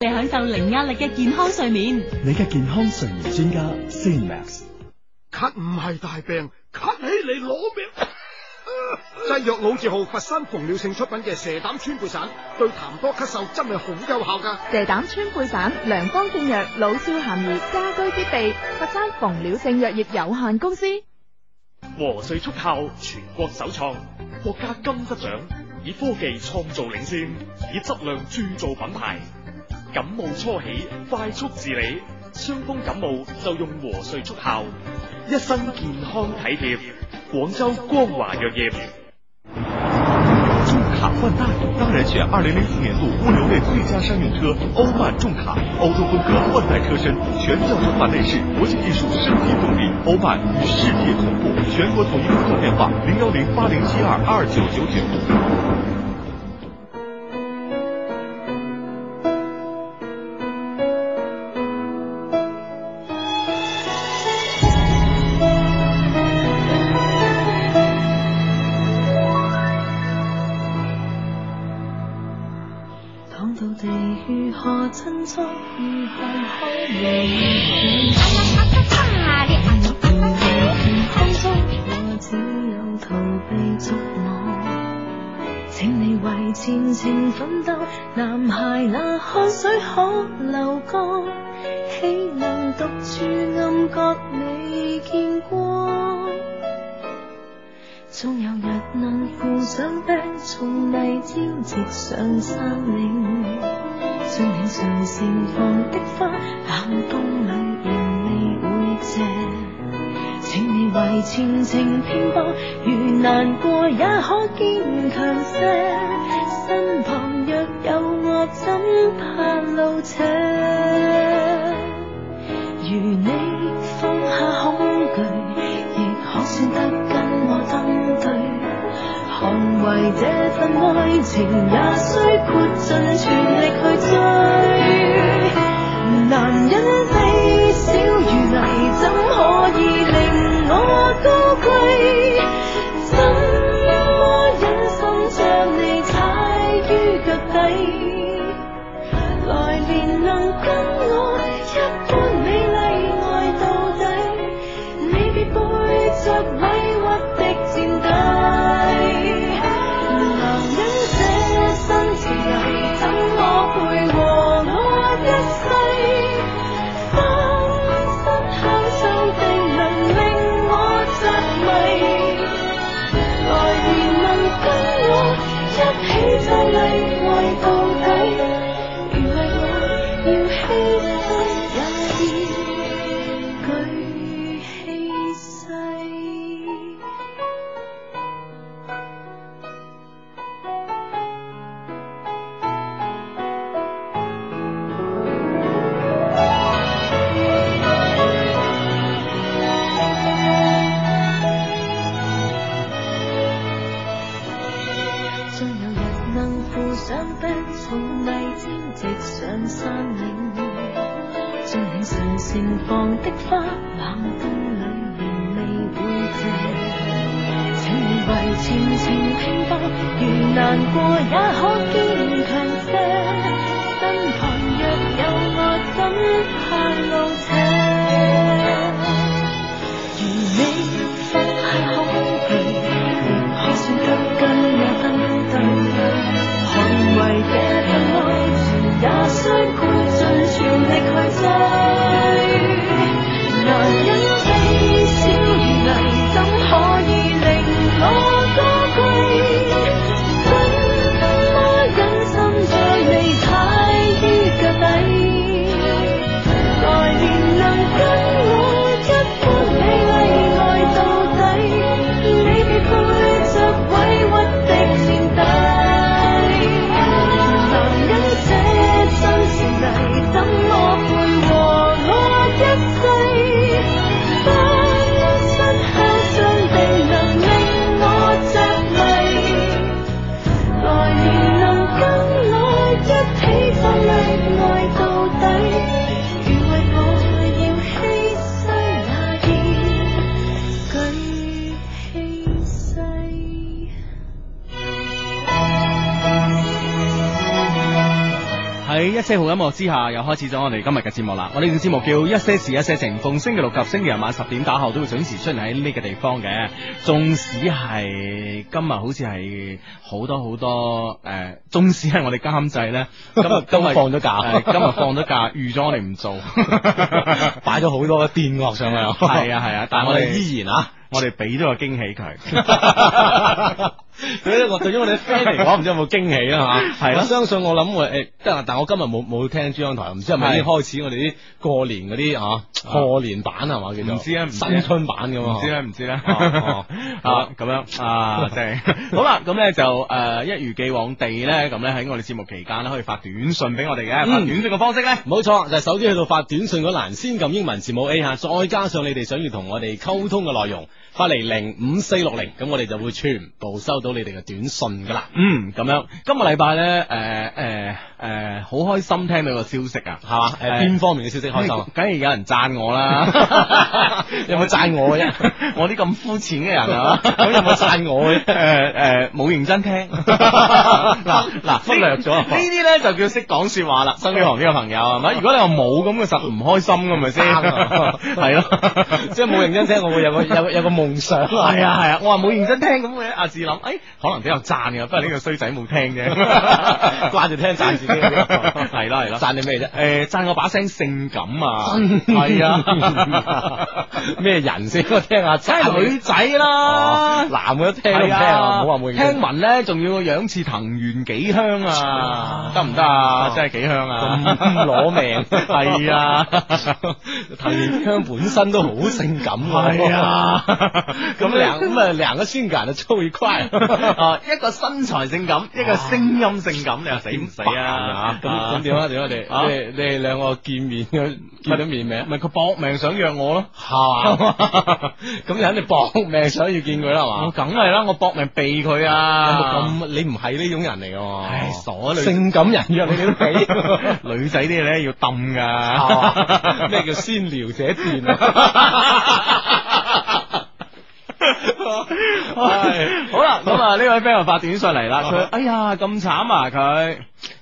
你享受零壓力嘅健康睡眠。你嘅健康睡眠專家 Sinomax。咳唔係大病，咳起嚟攞命。製 藥 老字號佛山馮了性出品嘅蛇膽川貝散，對痰多咳嗽真係好有效噶。蛇膽川貝散，良方妙藥，老少咸宜，家居必備。佛山馮了性藥業有限公司，和瑞速效，全國首創，國家金質獎，以科技創造領先，以質量鑄造品牌。感冒初起，快速治理，傷風感冒就用和穗速效，一身健康體貼。廣州光華藥業。重卡換代，當然選二零零四年度物流類最佳商用車歐曼重卡，歐洲風格換代車身，全膠裝化內飾，國際技術升級動力，歐曼與世界同步，全國統一客服電話零幺零八零七二二九九九。各處暗角未見光，總有日能扶上壁，從泥沼直上山嶺。像你常盛放的花，寒風裡仍未會謝。請你為前程拼搏，如難過也可堅強些。身旁若有我，怎怕路斜？如你放下恐懼，亦可算得跟我登對。捍衛這份愛情，也需豁盡全力去追。男人微小如泥，怎可以令我高貴？我之下又開始咗我哋今日嘅節目啦，我哋嘅節目叫一些事一些情，逢星期六及星期日晚十點打後都會準時出現喺呢個地方嘅，縱使係今日好似係好多好多誒、呃，縱使係我哋監製咧，咁今日放咗假，今日放咗假預咗我哋唔做，擺咗好多嘅電鑊上去。係 啊係啊，但係我哋依然啊。我哋俾咗個驚喜佢， 對咧，對於我哋 fans 嚟講，唔知有冇驚喜啊？係係啦，相信我諗，我、欸、誒，但但我今日冇冇聽珠江台，唔知係咪已經開始我哋啲過年嗰啲啊，過年版係嘛叫做？唔知，啊，唔知啊，新春版咁唔知咧，唔知咧，啊，咁樣啊，正、 哦，哦、好啦，咁咧就誒、呃，一如既往地咧，咁咧喺我哋節目期間咧，可以發短信俾我哋嘅，發嗯，短信嘅方式咧，冇錯，就手、是、機去到發短信嗰欄，先撳英文字母 A 吓，再加上你哋想要同我哋溝通嘅內容。八零零五四六零，咁我哋就會全部收到你哋嘅短信噶啦。嗯，咁樣今個禮拜咧，誒誒誒，好開心聽到個消息啊，係嘛？誒，邊方面嘅消息開心？梗係有人讚我啦，有冇讚我嘅？我啲咁膚淺嘅人啊，有冇讚我？誒誒，冇認真聽，嗱嗱忽略咗呢啲咧，就叫識講說話啦。身邊行邊嘅朋友係咪？如果你話冇咁，其實唔開心噶咪先，係咯，即係冇認真聽，我會有個有有個夢。夢係啊係啊，我話冇認真聽咁嘅，阿志諗，誒，可能比較讚嘅，不過呢個衰仔冇聽嘅。掛住聽讚自己，係啦係啦，讚你咩啫？誒，讚我把聲性感啊，係啊，咩人先個聽下真係女仔啦，男嘅都聽啦，唔好話冇。聽聞咧，仲要個樣似藤原紀香啊，得唔得啊？真係幾香啊，攞命係啊！藤原紀香本身都好性感啊。咁兩咁啊，兩個仙人就超快哦，一個身材性感，一個聲音性感，你話死唔死啊？咁咁點啊？點啊？你你你兩個見面嘅，見咗面未？咪佢搏命想約我咯，係嘛？咁你肯定搏命想要見佢啦嘛？我梗係啦，我搏命避佢啊！咁你唔係呢種人嚟㗎。唉，傻你！性感人約你都避，女仔啲嘢咧要氹噶，咩叫先撩者斷啊？唉好啦，咁啊呢位 friend 又發短信嚟啦，佢哎呀，咁慘啊佢。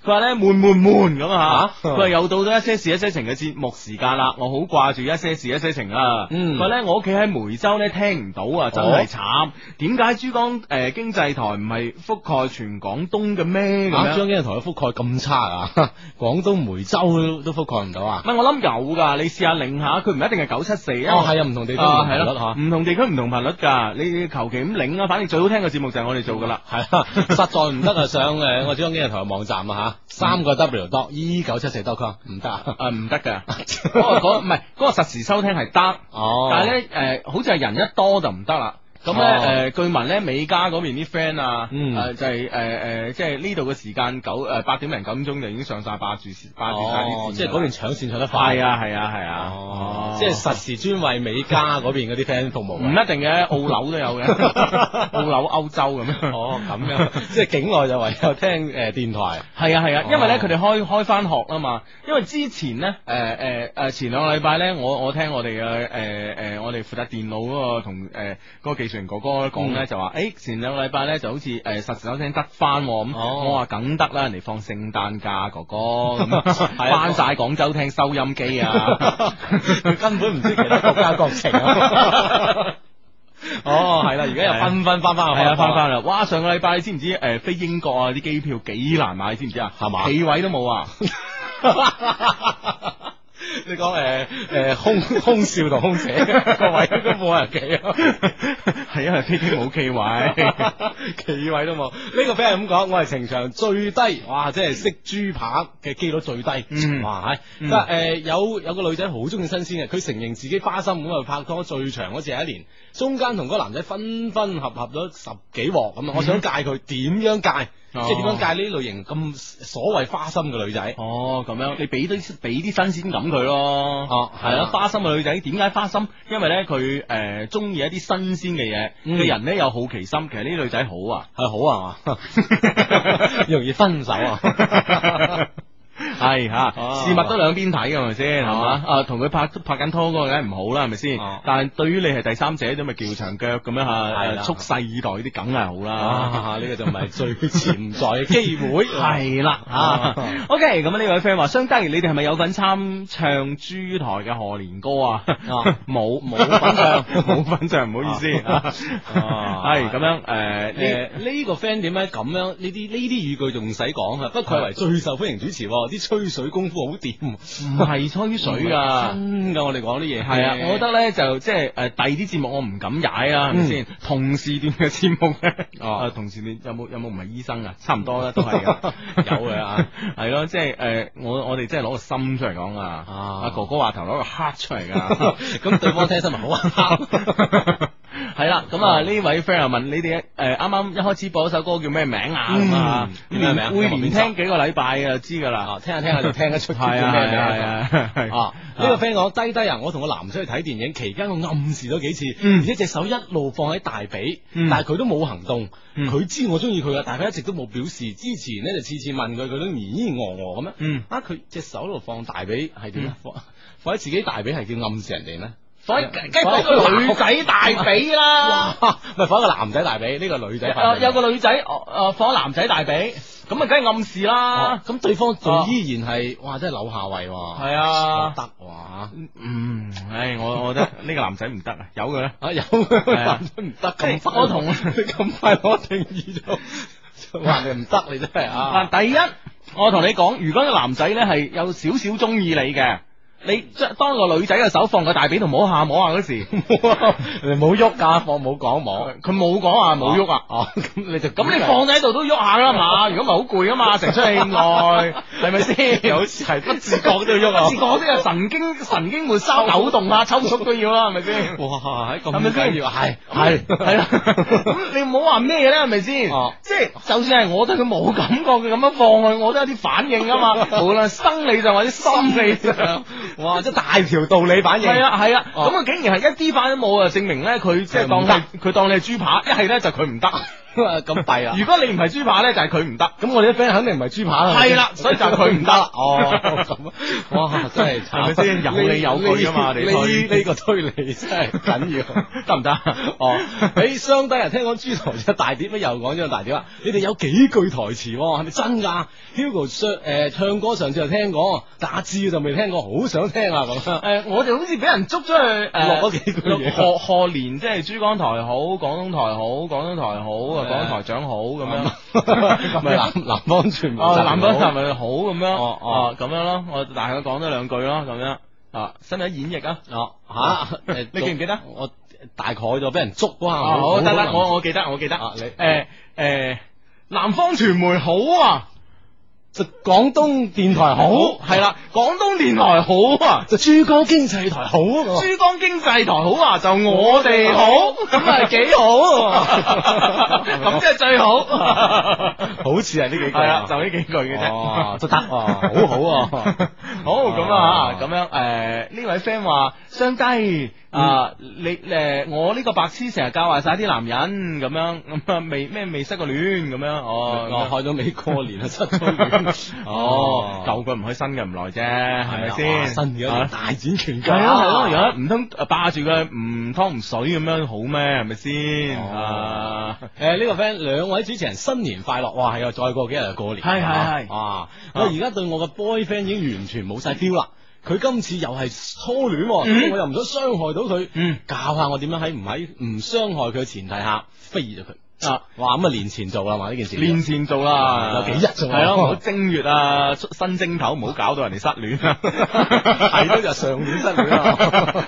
佢話咧悶悶悶咁啊吓，佢話又到咗一些事一些情嘅節目時間啦，我好掛住一些事一些情啊。佢話咧，我屋企喺梅州咧聽唔到啊，真係慘。點解珠江誒經濟台唔係覆蓋全廣東嘅咩？咁珠江經濟台嘅覆蓋咁差啊？廣東梅州都覆蓋唔到啊？唔係我諗有噶，你試下擰下，佢唔一定係九七四啊。哦係啊，唔同地區唔同頻率嗬，唔同地區唔同頻率噶。你求其咁擰啊，反正最好聽嘅節目就係我哋做噶啦。係實在唔得啊，上誒我珠江經濟台嘅網站啊。吓、啊，三個 W 多，e 九七四多 com 唔得啊，啊唔得噶。嗰個唔係嗰個實時收聽係得，哦，但係咧，誒、呃，好似係人一多就唔得啦。咁咧，誒據聞咧，美加嗰邊啲 friend 啊，誒就係誒誒即係呢度嘅時間九誒八點零九點鐘就已經上晒霸住線霸住曬，即係嗰邊搶線搶得快。啊係啊係啊！哦，即係實時專為美加嗰邊啲 friend 服務，唔一定嘅，澳紐都有嘅，澳紐歐洲咁樣哦，咁樣，即係境外就唯有聽誒電台。係啊係啊，因為咧佢哋開開翻學啊嘛。因為之前咧，誒誒誒前兩個禮拜咧，我我聽我哋嘅誒誒我哋負責電腦個同誒個技術。哥哥講咧就話，誒、嗯、前兩個禮拜咧就好似誒、呃、實時收聽得翻咁，我話梗得啦，人哋放聖誕假，哥哥翻晒廣州聽收音機啊，佢 根本唔知其他國家國情啊。 哦，係啦、啊，而家又分分翻翻、啊，係啊翻翻啦。Language，哇，上個禮拜你知唔知誒飛、呃、英國啲機票幾難買？知唔知啊？係嘛， 幾位都冇啊 Ä 悟。你講誒誒，空空少同空姐個位都冇人企，係因為飛機冇企位，企位都冇。呢個俾人咁講，我係情場最低，哇！即係識豬扒嘅機率最低，嗯，哇！即係誒有有個女仔好中意新鮮嘅，佢承認自己花心咁去拍拖最長嗰次係一年，中間同嗰個男仔分分合合咗十幾鑊咁啊！我想戒佢，點樣戒？哦、即係點樣戒呢類型咁所謂花心嘅女仔？哦，咁樣你俾啲俾啲新鮮感佢咯。哦、啊，係啦、啊啊，花心嘅女仔點解花心？因為呢，佢誒中意一啲新鮮嘅嘢嘅人呢有好奇心。其實呢啲女仔好啊，係好啊， 容易分手啊。 係吓事物都兩邊睇嘅係咪先係嘛？誒，同佢拍拍緊拖嗰個梗係唔好啦，係咪先？但係對於你係第三者，咁咪撬長腳咁樣吓，係啦，蓄勢以待啲梗係好啦。呢個就唔係最潛在嘅機會係啦。吓，OK，咁呢位 friend 話，相當於你哋係咪有份參唱珠台嘅賀年歌啊？冇冇份唱，冇份唱，唔好意思。係咁樣誒誒，呢個 friend 點解咁樣？呢啲呢啲語句仲使講啊？不愧為最受歡迎主持。啲吹水功夫好掂，唔係吹水噶，真噶！我哋講啲嘢，係啊，對 我覺得咧就即係誒，第二啲節目我唔敢踩啊，係咪先？同事段嘅節目咧，哦，同事段有冇有冇唔係醫生啊？差唔多啦，都係 有嘅啊，係咯、啊，即係誒、呃，我我哋即係攞個心出嚟講啊，阿、哦、哥哥話頭攞個黑出嚟噶，咁、哦、對方聽新聞好黑。呵呵呵 係啦，咁啊呢位 friend 又問你哋誒啱啱一開始播首歌叫咩名啊？咁啊咩名？會連聽幾個禮拜啊？知噶啦，聽下聽下就聽得出啲咩嘅。係啊，呢個 friend 講低低啊，我同個男仔去睇電影，期間我暗示咗幾次，而且隻手一路放喺大髀，但係佢都冇行動，佢知我中意佢噶，但係佢一直都冇表示。之前咧就次次問佢，佢都咦咦我我咁樣。啊，佢隻手度放大髀係點樣？放放喺自己大髀係叫暗示人哋咩？所以梗係，放個女仔大髀啦，唔係放一個男仔大髀，呢、這個、個女仔，有有個女仔，哦，誒，放男仔大髀，咁啊，梗係暗示啦，咁對、啊、方仲依然係，哇，真係扭下位，係啊，得，哇，嗯，唉，我我覺得呢個男仔唔得啊，有嘅咧， 啊，有佢，男仔唔得，咁快我同，咁快攞定義咗，話你唔得，你真係啊，第一，我同你講，如果個男仔咧係有少少中意你嘅。你將當個女仔嘅手放個大髀度摸下摸下嗰時，你冇喐噶，我冇講摸，佢冇講話，冇喐啊，哦，咁你就咁你放喺度都喐下啦嘛，如果唔係好攰啊嘛，成出戲耐，係咪先？有時係不自覺都要喐啊，自覺都有神經神經末梢扭動啊抽搐都要啦，係咪先？咁，係咪先？係係係啦，咁你唔好話咩咧，係咪先？即係就算係我對佢冇感覺，佢咁樣放去，我都有啲反應噶嘛，無論生理上或者心理上。哇！即係大條道理反應，係啊係啊，咁啊，啊竟然係一啲反應都冇啊，證明咧佢、嗯、即係當係佢行當你係豬扒，一係咧就佢唔得。 咁弊 啊！如果你唔係豬扒咧，就係佢唔得。咁我啲 friend 肯定唔係豬扒啦。係啦， 所以就係佢唔得啦。哦，咁啊，哇，真係慘先。有理有據啊嘛，你呢呢個推理真係緊要，得唔得？哦，誒，雙低人聽講豬頭大又大碟，咩又講咗個大碟啊？你哋有幾句台詞係、哦、咪真㗎？Hugo 誒、呃、唱歌上次就聽過，打字、啊、就未聽過，好想聽啊！咁誒、呃，我哋好似俾人捉咗去誒，呃、落咗幾句嘢。賀賀年即係珠江台好，廣東台好，廣東台好啊！港台長好咁樣，南南方傳媒南方傳媒好咁樣，哦哦咁樣咯，我大概講咗兩句咯咁樣，啊，身體係演繹啊，哦吓，你記唔記得？我大概就俾人捉嗰下，哦好得啦，我我記得我記得，你誒誒，南方傳媒好啊。就廣東電台好，係啦！廣東電台好啊，就珠江經濟台好，啊。珠江經濟台好啊，就我哋好，咁係 幾好啊，咁即係最好， 好似係呢幾句，係就呢幾句嘅啫，哦，都得、 啊，好好，啊！ 好咁啊，咁 樣誒，呢、呃、位 friend 話：「相低。啊！你誒、呃、我呢個白痴成日教壞晒啲男人咁樣，咁啊未咩未失過戀咁樣，哦，開到未過年啊，失咗戀，哦，舊佢唔去，新嘅唔嚟啫，係咪先？新嘅大展拳腳，係咯係咯，而家唔通霸住佢唔湯唔水咁樣好咩？係咪先？誒呢、 啊呃呢個 friend，兩位主持人新年快樂！哇，係啊，再過幾日就過年，係係係，啊，我而家對我嘅 boyfriend 已經完全冇晒 feel 啦～佢今次又係初戀，啊，我又唔想傷害到佢，嗯、教下我點樣喺唔喺唔傷害佢嘅前提下飛咗佢啊！哇咁啊年前做啦嘛，呢件事，年前做啦，有幾日做啊？係、嗯、咯， 好正月啊，新正頭唔好搞到人哋失戀啊！係都係上年失戀，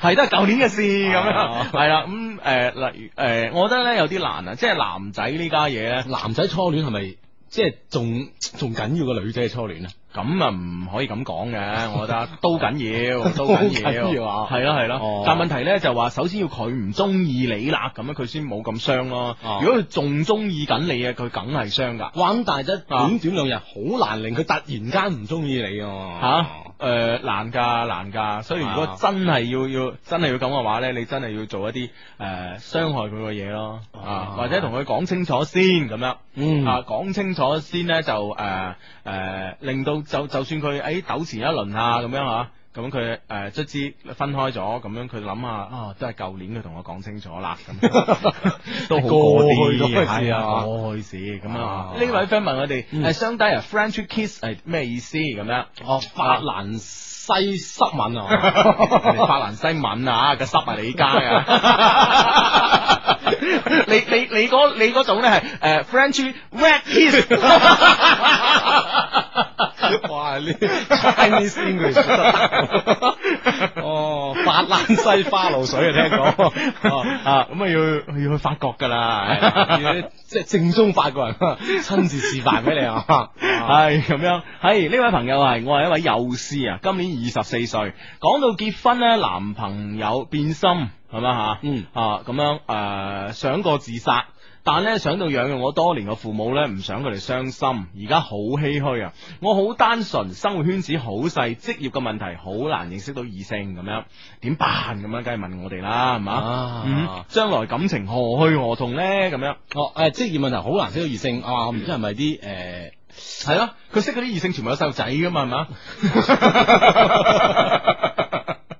係都係舊年嘅事咁樣，係啦咁誒，例如誒，我覺得咧有啲難啊，即、就、係、是、男仔呢家嘢咧，男仔初戀係咪？即係仲仲緊要個女仔嘅初戀啊！咁啊唔可以咁講嘅， 我覺得都緊要， 都緊要啊！係咯係咯，但問題呢，就話，首先要佢唔中意你啦，咁樣佢先冇咁傷咯、啊。哦、如果佢仲中意緊你啊，佢梗係傷噶。玩大咗短短兩日，好難令佢突然間唔中意你嚇。誒、呃、難噶難噶，所以如果真係要要真係要咁嘅話咧，你真係要做一啲誒傷害佢嘅嘢咯，啊或者同佢講清楚先咁樣，嗯啊，啊講清楚先咧就誒誒、呃、令到就就算佢誒糾纏一輪啊咁樣吓。咁佢誒卒之分開咗，咁樣佢諗下，啊、哦、都係舊年佢同我講清楚啦，咁都過去事，過去事咁啊！呢位 friend 問我哋誒相低啊，啊，French kiss 係咩意思、啊？咁樣哦，法蘭西濕吻啊， 法蘭西吻啊，嘅濕係你家、 uh, 啊！你你你嗰你嗰種咧係誒 French red kiss。 哇！Chinese English 哦，法蘭西花露水、哦、啊，聽講啊，咁啊要要去法國噶啦，即係、 就是、正宗法國人親自示範俾你啊，係咁 樣。係呢位朋友係我係一位幼師啊，今年二十四歲。講到結婚咧，男朋友變心係咪？吓，啊嗯啊咁樣誒、呃、想過自殺。但咧想到養育我多年嘅父母咧，唔想佢哋傷心，而家好唏噓啊！我好單純，生活圈子好細，職業嘅問題好難認識到異性咁樣，點辦咁樣？梗係問我哋啦，係嘛？啊、嗯、將來感情何去何從呢？咁樣哦，誒，職業問題好難認識到異性，啊，唔知係咪啲誒，係、呃、咯，佢、啊、識嗰啲異性全部有細路仔噶嘛，係嘛？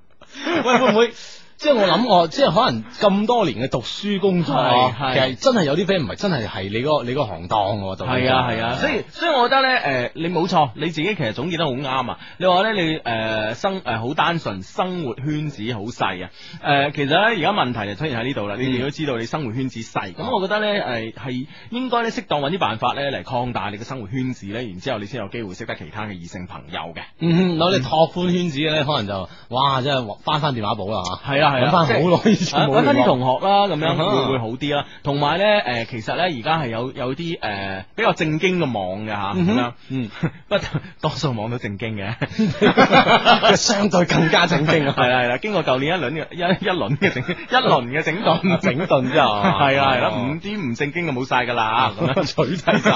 喂，會唔會。 即係我諗，我即係可能咁多年嘅讀書工作，其實真係有啲 friend 唔係真係係你個你個行當喎。係啊係啊，啊啊啊所以所以我覺得咧，誒、呃，你冇錯，你自己其實總結得好啱啊。你話咧，你誒、呃、生誒好、呃、單純，生活圈子好細啊。誒、呃，其實咧而家問題就出現喺呢度啦。你哋都知道你生活圈子細，咁、嗯、我覺得咧，誒、呃、係應該咧適當揾啲辦法咧嚟擴大你嘅生活圈子咧，然之後你先有機會識得其他嘅異性朋友嘅。攞你拓寬圈子嘅咧，可能就哇真係翻翻電話簿啦吓。係啊。係，即好耐，以前揾翻啲同學啦，咁樣會 會好啲啦。同埋咧，誒、呃，其實咧，而家係有有啲誒、呃、比較正經嘅網嘅嚇、啊，嗯，不過多數網都正經嘅， 相對更加正經。係啦係啦，經過舊年一輪嘅一一輪嘅整 一輪嘅整頓整頓之後，係 啊係啦，五 D 唔正經嘅冇晒㗎啦，咁、 嗯、樣取締晒。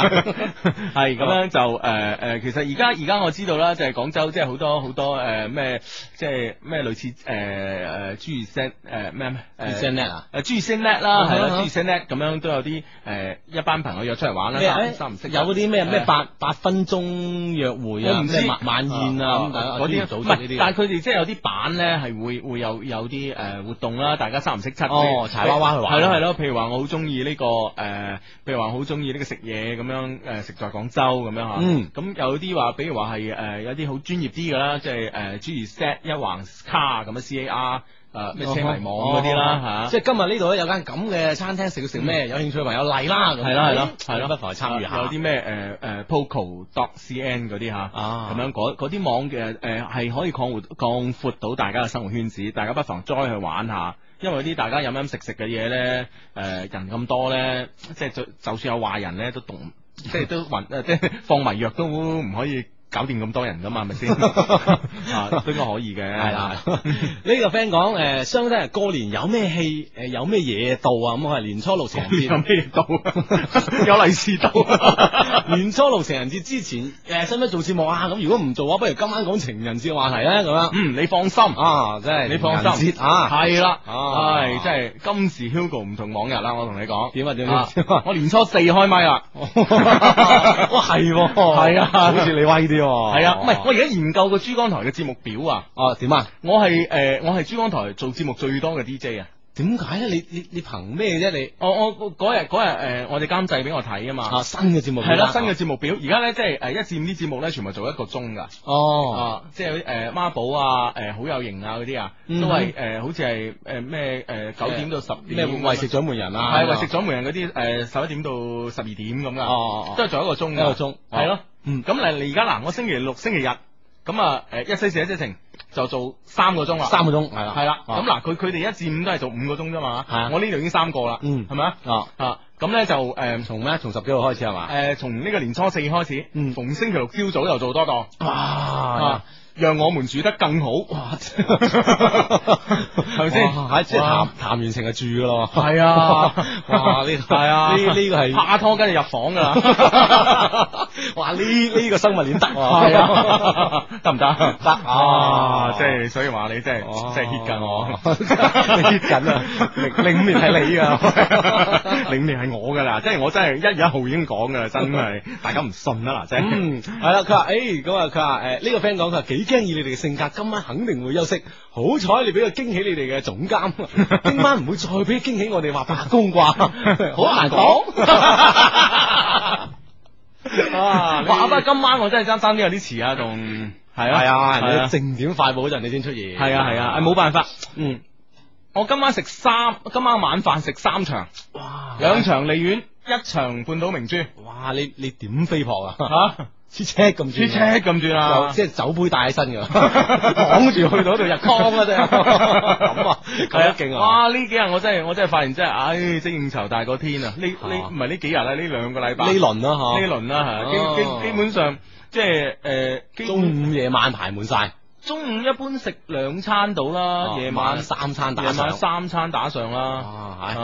係咁 樣就誒誒、呃，其實而家而家我知道啦，就係、是、廣州即係好多好多誒咩、呃，即係咩類似誒誒、呃呃 set 誒咩咩誒 set 啊誒 G set 啦，係啦 G set 咁樣都有啲誒一班朋友約出嚟玩啦，三唔識有啲咩咩八八分鐘約會啊，晚晚宴啊嗰啲，但係佢哋即係有啲版咧係會會有有啲誒活動啦，大家三唔識七哦，柴娃娃去玩係咯係咯，譬如話我好中意呢個誒，譬如話好中意呢個食嘢咁樣誒食在廣州咁樣嚇，咁有啲話，比如話係誒有啲好專業啲嘅啦，即係誒 G set 一橫卡咁樣 C A R。誒咩車迷網嗰啲，哦，啦，係，啊，即係今日呢度咧有間咁嘅餐廳食要食咩？嗯，有興趣嘅朋友嚟啦！係啦係啦，係啦麼，不妨去參與下。有啲咩誒誒 poco dot cn 嗰啲啊，咁樣嗰啲網嘅誒係可以擴活擴闊到大家嘅生活圈子，大家不妨再去玩下。因為啲大家飲飲食食嘅嘢咧，誒，呃，人咁多咧，即係就就算有壞人咧都動， 即係都混誒，即係放埋藥都唔可以。搞掂咁多人噶嘛，係咪先？啊，應該可以嘅。係啦，呢個 friend 講誒，相當係過年有咩戲？誒，有咩嘢到啊？咁我係年初六情人節有咩到？有利是到。年初六情人節之前誒，使唔使做節目啊？咁如果唔做啊，不如今晚講情人節話題咧。咁樣，嗯，你放心啊，即係。你放心。啊，係啦，係即係今時 Hugo 唔同往日啦。我同你講，點啊？點啊？我年初四開咪啦。哇，係，係啊，好似你威啲。係、哦、啊，唔係我而家研究個珠江台嘅節目表啊，啊，點啊？我係誒、呃、我係珠江台做節目最多嘅 DJ 啊。點解咧？你你你憑咩啫？你我我嗰日嗰日誒，我哋監製俾我睇啊嘛！啊，新嘅節目係啦，新嘅節目表。而家咧即係誒，一至五啲節目咧全部做一個鐘噶。哦，啊，即係誒，孖寶啊，誒，好有型啊，嗰啲啊，都係誒，好似係誒咩誒，九點到十點。咩？喂食掌門人啊？係，喂食掌門人嗰啲誒，十一點到十二點咁噶。哦，哦，都係做一個鐘。一個鐘係咯。嗯。咁嚟，你而家嗱，我星期六、星期日。咁啊，誒，一些事一些情，就做三個鐘啦，三個鐘係啦，係啦。咁嗱了，佢佢哋一至五都係做五個鐘啫嘛，係啊。我呢度已經三個啦，嗯，係咪吧啊？啊，咁咧就誒，從咩？從十幾號開始係嘛？誒，從呢、呃、個年初四年開始，嗯，逢星期六朝早又做多檔，哇、啊！讓我們住得更好，哇！係咪先？下次談談完成就住噶咯。係啊，哇！呢係啊，呢呢個係拍拖跟住入房噶啦。哇！呢呢個生物鏈得得唔得？得啊！即係所以話你真係即係 heat 緊我 heat 緊啊！零零五年係你噶，零年係我噶啦。即係我真係一月一號已經講噶啦，真係大家唔信啦嗱，即係。嗯，係啦。佢話誒，咁佢話誒，呢個 friend 講佢幾。驚以你哋嘅性格，今晚肯定會休息。好彩你俾佢驚喜你哋嘅總監，今晚唔會再俾驚喜我哋話罷工啩，好難講。哇！話今晚我真係爭爭啲有啲遲啊，仲！係啊係啊，正點快步嗰陣你先出現，係啊係啊，誒冇辦法。嗯，我今晚食三，今晚晚飯食三場，哇！兩場利苑，一場半島明珠。哇！你你點飛撲啊？車咁轉，車咁轉啦，就即係酒杯帶起身嘅，綁住 去到度入倉嘅啫。咁啊，係 啊，勁對啊！哇、啊！呢幾日我真係我真係發現真係，唉，即應酬大過天啊！呢呢唔係呢幾日啦、啊，呢兩個禮拜呢輪啦、啊、吓，呢、啊、輪啦、啊、吓，基基基本上即係誒，中午夜晚排滿晒。中午一般食兩餐到啦，夜晚三餐打夜晚三餐打上啦。啊，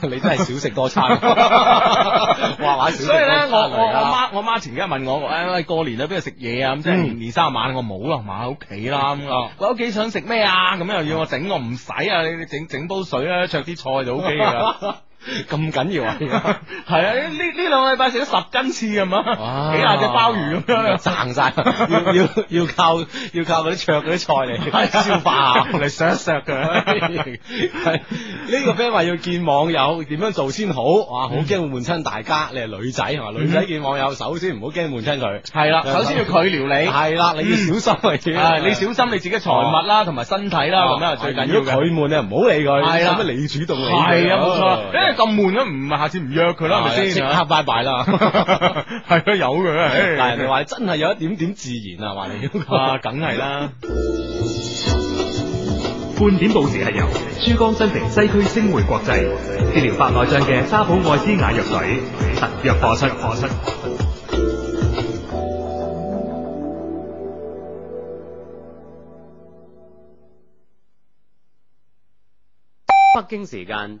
係你真係少食多餐。哇，所以咧，我我我媽我媽前幾日問我，誒喂，過年啊，邊度食嘢啊？咁即係年三晚我冇咯，埋喺屋企啦。咁啊，我屋企想食咩啊？咁又要我整，我唔使啊。你你整整煲水啦，灼啲菜就 OK 㗎啦。咁緊要啊！係啊，呢呢兩個禮拜食咗十斤翅啊嘛，幾大隻鮑魚咁樣，撐晒，要要要靠要靠啲灼啲菜嚟消化啊！嚟削一削佢。呢個 friend 話要見網友，點樣做先好？哇，好驚會悶親大家。你係女仔係嘛？女仔見網友，首先唔好驚悶親佢。係啦，首先要佢撩你。係啦，你要小心嚟你小心你自己財物啦，同埋身體啦，咁樣最緊要嘅。如果佢悶，你唔好理佢。係啦，啊你主動嚟。係啊，冇錯。咁悶咯，啊，唔下次唔約佢啦，咪先，啊？即刻拜拜啦，係啊， 有嘅， 但係你話真係有一點點自然啊，話你咁梗係啦。半點報時係由珠江新城西區星匯國際治療白內障嘅沙普愛斯眼藥水特約播出播出。北京時間。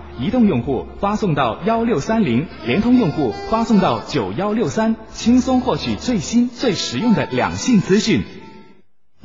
移動用戶發送到幺六三零，聯通用戶發送到九幺六三，輕鬆獲取最新最實用的兩性資訊。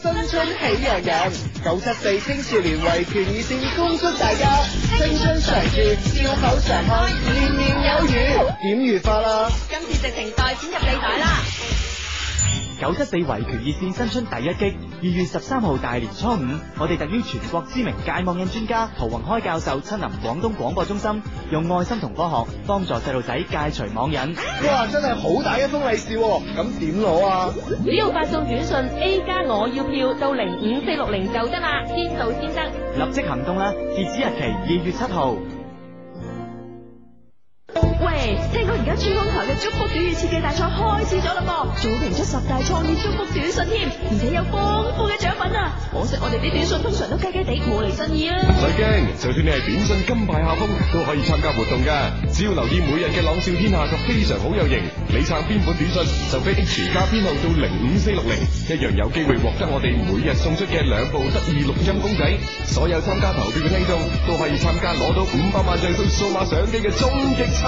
新春喜洋洋，九七四青少年維權熱線恭祝大家青春常駐，笑口常開，年年有餘。點月發啦？今次直情代錢入你袋啦！九七四維權熱線新春第一擊，二月十三號大年初五，我哋特邀全國知名戒網癮專家陶宏開教授親臨廣東廣播中心，用愛心同科學幫助細路仔戒除網癮。哇，真係好大一封利是，咁點攞啊？只、啊、要發送短信 A 加我要票到零五四六零就得啦，先到先得。立即行動啦、啊，截止日期二月七號。 喂，聽講而家珠江台嘅祝福短語設計大賽開始咗啦，噃，仲會評出十大創意祝福短信添，而且有豐富嘅獎品啊！可惜我哋啲短信通常都雞雞地，冇嚟新意啊！水晶，就算你係短信金牌客星，都可以參加活動噶，只要留意每日嘅朗笑天下，就非常好有型。你撐邊款短信就俾 H 加編號到零五四六零，60, 一樣有機會獲得我哋每日送出嘅兩部得意錄音公仔。所有參加投票嘅聽眾都可以參加，攞到五百萬像素數碼相機嘅終極。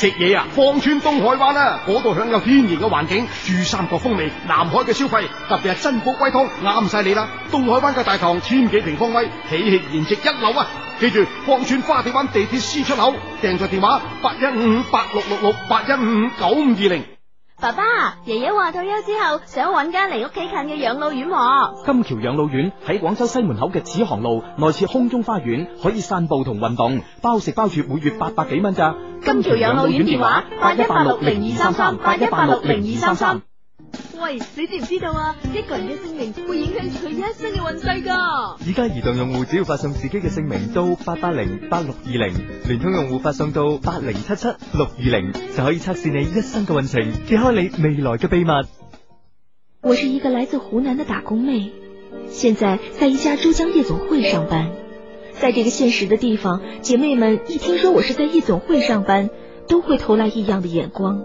食嘢啊，芳村東海灣啊，嗰度享有天然嘅環境，珠三角風味，南海嘅消費，特別係珍寶龜湯啱晒你啦！東海灣嘅大堂千幾平方呎，喜氣延直一樓啊！記住，芳村花地灣地鐵 C 出口，訂座電話八一五五八六六六八一五五九五二零。爸爸、爺爺話退休之後想揾間離屋企近嘅養老院。金橋養老院喺廣州西門口嘅紙行路，內設空中花園，可以散步同運動，包食包住，每月八百幾蚊咋。金橋養老院電話：八一八六零二三三，八一八六零二三三。喂，你知唔知道啊？一個人嘅姓名會影響佢一生嘅運勢噶。而家移動用戶只要發送自己嘅姓名到八八零八六二零，聯通用戶發送到八零七七六二零就可以測試你一生嘅運程，揭開你未來嘅秘密。我是一個來自湖南的打工妹，現在在一家珠江夜總會上班。在這個現實的地方，姐妹們一聽說我是在夜總會上班，都會投來異樣的眼光。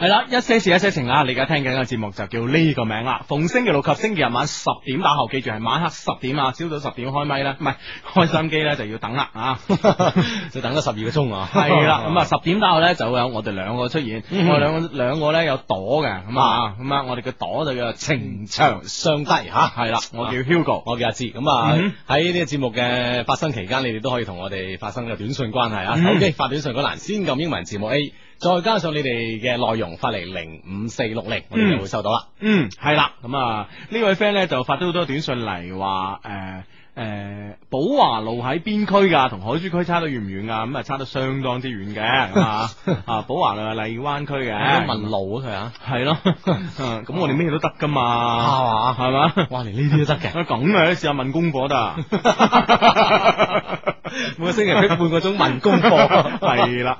係啦，一些事，一些情啊！你而家聽緊嘅節目就叫呢個名啦、啊。逢星期六及星期日晚十點打後，記住係晚黑十點啊，朝早十點開咪咧，唔係開收音機咧就要等啦啊，啊， 就等咗十二個鐘啊！係啦，咁啊十點打後咧就會有我哋兩個出現、mm，hmm. 我哋兩個兩個咧有朵嘅咁啊，咁啊我哋嘅朵就叫情長相低吓，係啦，我叫 Hugo，、mm hmm. 我叫阿智、啊 mm，咁啊喺呢個節目嘅發生期間，你哋都可以同我哋發生嘅短信關係啊、mm！好嘅，發短信嗰欄先撳英文字母 A。再加上你哋嘅內容發嚟零五四六零，我哋就會收到啦。嗯，係啦。咁啊，呢位 friend 咧就發咗好多短信嚟話，誒誒，寶華路喺邊區噶，同海珠區差得遠唔遠噶？咁啊，差得相當之遠嘅。啊，寶華路係荔灣區嘅，問路啊，係啊，係咯。咁我哋咩嘢都得噶嘛，係嘛，係嘛，哇，連呢啲都得嘅。梗係，試下問功課得。每個星期逼半個鐘問功課，係啦。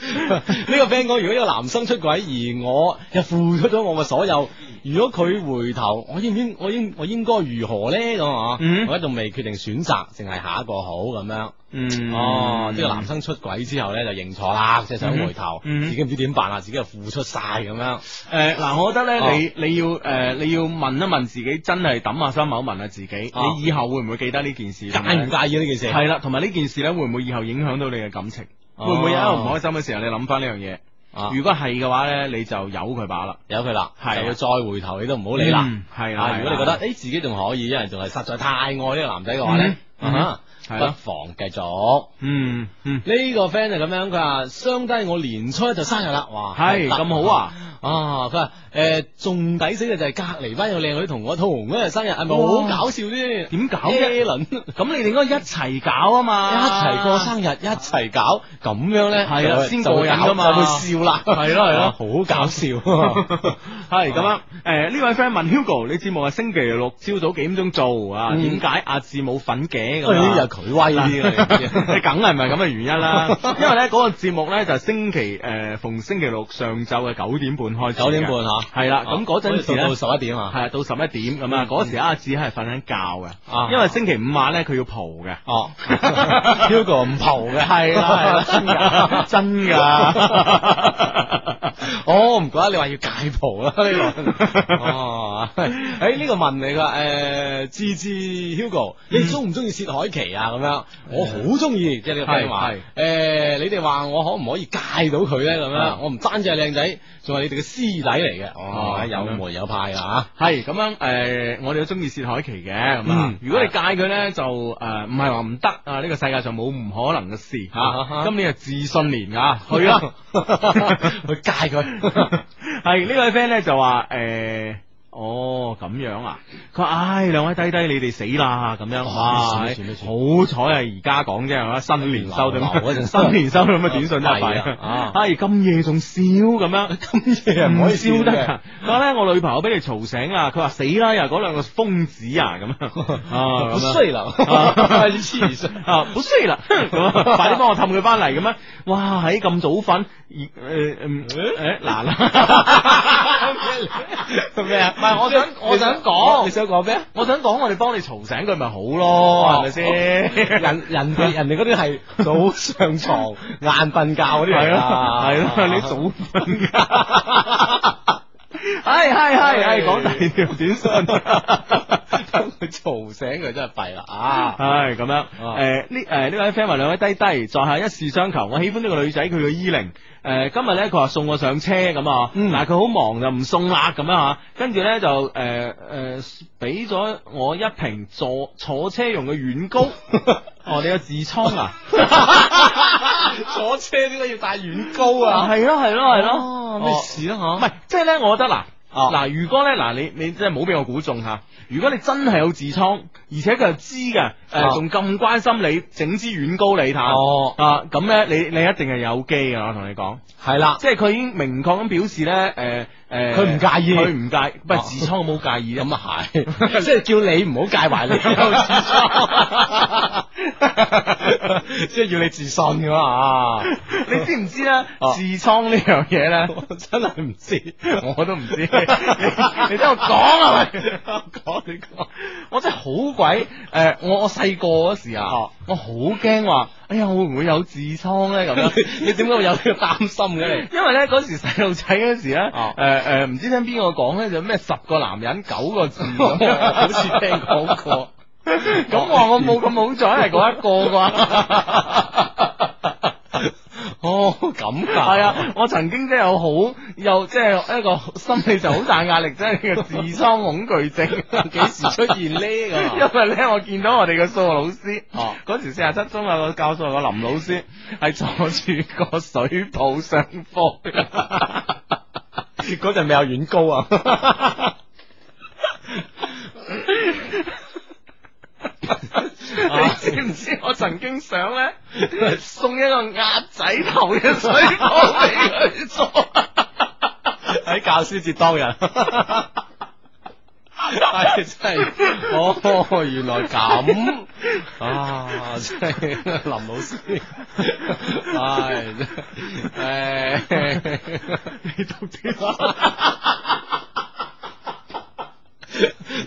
呢個 friend 講，如果有男生出軌，而我又付出咗我嘅所有，如果佢回頭，我應唔應？我應我應該如何呢？咁我一仲未決定選擇，淨係下一個好咁樣。哦，即係男生出軌之後呢，就認錯啦，即係想回頭，自己唔知點辦啦，自己又付出晒咁樣。誒，嗱，我覺得呢，你你要誒，你要問一問自己，真係抌下心口，問下自己，你以後會唔會記得呢件事？介唔介意呢件事？係啦，同埋呢件事呢，會唔會以後影響到你嘅感情？會唔會有一個唔開心嘅時候，你諗翻呢樣嘢？啊、如果係嘅話咧，你就由佢把啦，由佢啦，係是、啊、再回頭你都唔好理啦。係啦、嗯，啊、如果你覺得誒自己仲可以，因為仲係實在太愛呢個男仔嘅話咧，係不妨繼續。嗯呢、嗯、個 friend 就咁樣，佢相隔我年初就生日啦，哇，係咁好啊。啊，佢話誒，仲抵死嘅就係隔籬班有靚女同我同一日生日，係咪好搞笑啲？點搞嘅？咁你哋應該一齊搞啊嘛！一齊過生日，一齊搞，咁樣咧係啊，先過癮㗎嘛，會笑啦。係咯係咯，好搞笑。係咁啊，誒，呢位 friend 問 Hugo，你節目係星期六朝早幾點鐘做啊？點解阿志冇份嘅咁？呢啲佢威啲啦，你梗係唔係咁嘅原因啦？因為咧嗰個節目咧就星期誒，逢星期六上晝嘅九點半。九點半吓，係啦，咁嗰陣時咧到十一點啊，係啊，到十一點咁啊，嗰時阿子係瞓緊覺嘅，因為星期五晚咧佢要蒲嘅，哦，Hugo 唔蒲嘅，係啊，係啦，真噶真噶，我唔覺得你話要戒蒲啦呢個，哦，誒呢個問你噶，誒，志志 Hugo，你中唔中意薛凱琪啊？咁樣，我好中意，即係你話，誒，你哋話我可唔可以戒到佢咧？咁樣，我唔單止係靚仔，仲係你哋。嘅師弟嚟嘅，哦，嗯、有門有派啊，吓，係咁樣，誒、呃，我哋都中意薛凱琪嘅，咁啊，嗯、如果你戒佢咧，的就誒，唔係話唔得啊，呢、這個世界上冇唔可能嘅事吓，啊啊啊、今年係自信年啊，去啦，去 戒佢他，係 呢位 friend 咧就話誒。呃哦，咁樣啊？佢話唉，兩位低低，你哋死啦咁樣。哇，好彩啊，而家講啫，係嘛？新年收到，新年收咁嘅短信真快啊！係咁夜仲笑咁樣，咁夜唔可以笑得噶。佢話咧，呢 нолог, 我女朋友俾你嘈醒啊，佢話死啦！又嗰兩個瘋子啊咁啊，樣好衰啦，黐線啊，uh, 嗯、好衰啦，快啲幫我氹佢翻嚟咁啊！哇，喺咁早瞓，誒誒誒，嗱、欸、啦，做咩啊？欸我想我想講，你想講咩？我想講我哋幫你嘈醒佢咪好咯，係咪先？人人哋人哋嗰啲係早上床晏瞓覺嗰啲嚟噶，係咯，你早瞓覺。係係係係，講第二條短信，等佢嘈醒佢真係弊啦。係咁樣，誒呢誒呢位 friend 兩位低低在下一事相求，我喜歡呢個女仔佢叫伊玲。誒，今日咧佢話送我上車咁啊，嗱佢好忙就唔送啦咁樣吓，跟住咧就誒誒俾咗我一瓶坐坐車用嘅軟膏， 哦你有痔瘡啊？ 坐車點解要帶軟膏啊？係咯係咯係咯，咩、啊啊啊哦、事啊吓？唔係，即係咧我覺得嗱。嗱、啊，如果咧，嗱、啊、你你真係冇俾我估中吓。如果你真係有痔瘡，而且佢係知嘅，誒、呃，仲咁、啊、關心你，整支軟膏你睇，哦、啊，咁咧，你你一定係有機嘅，我同你講。係啦，即係佢已經明確咁表示咧，誒、呃。誒，佢唔介意，佢唔介，唔係痔瘡冇介意啊？咁啊係，即係叫你唔好介懷你有痔瘡，即係要你自信噶嘛？你知唔知咧痔瘡呢樣嘢咧？真係唔知，我都唔知，你你聽我講啊，咪？講你講，我真係好鬼誒！我我細個嗰時啊，我好驚話。哎呀，會唔會有痔瘡咧？咁樣，你點解會有呢個擔心嘅咧？ 因為咧嗰時細路仔嗰時咧，誒誒、哦，呃呃，唔知聽邊個講咧，就咩十個男人九個痔瘡， 好似聽講過。咁我我冇咁好彩，係嗰一個啩。哦，咁解。係啊，我曾經真係有好，又即係一個心理就好大壓力，即係自傷恐懼症，幾時出現、這個、 呢？因為咧，我見到我哋個數學老師，哦，嗰時四十七中有個教數學個林老師，係坐住個水泡上課，嗰陣未有軟膏啊。一你知唔知我曾經想咧送一個鴨仔頭嘅水果俾佢做喺一教師節當日，係真係哦，原來咁啊，真、就、係、是、林老師，係一一、哎、誒、嗯，你都癲。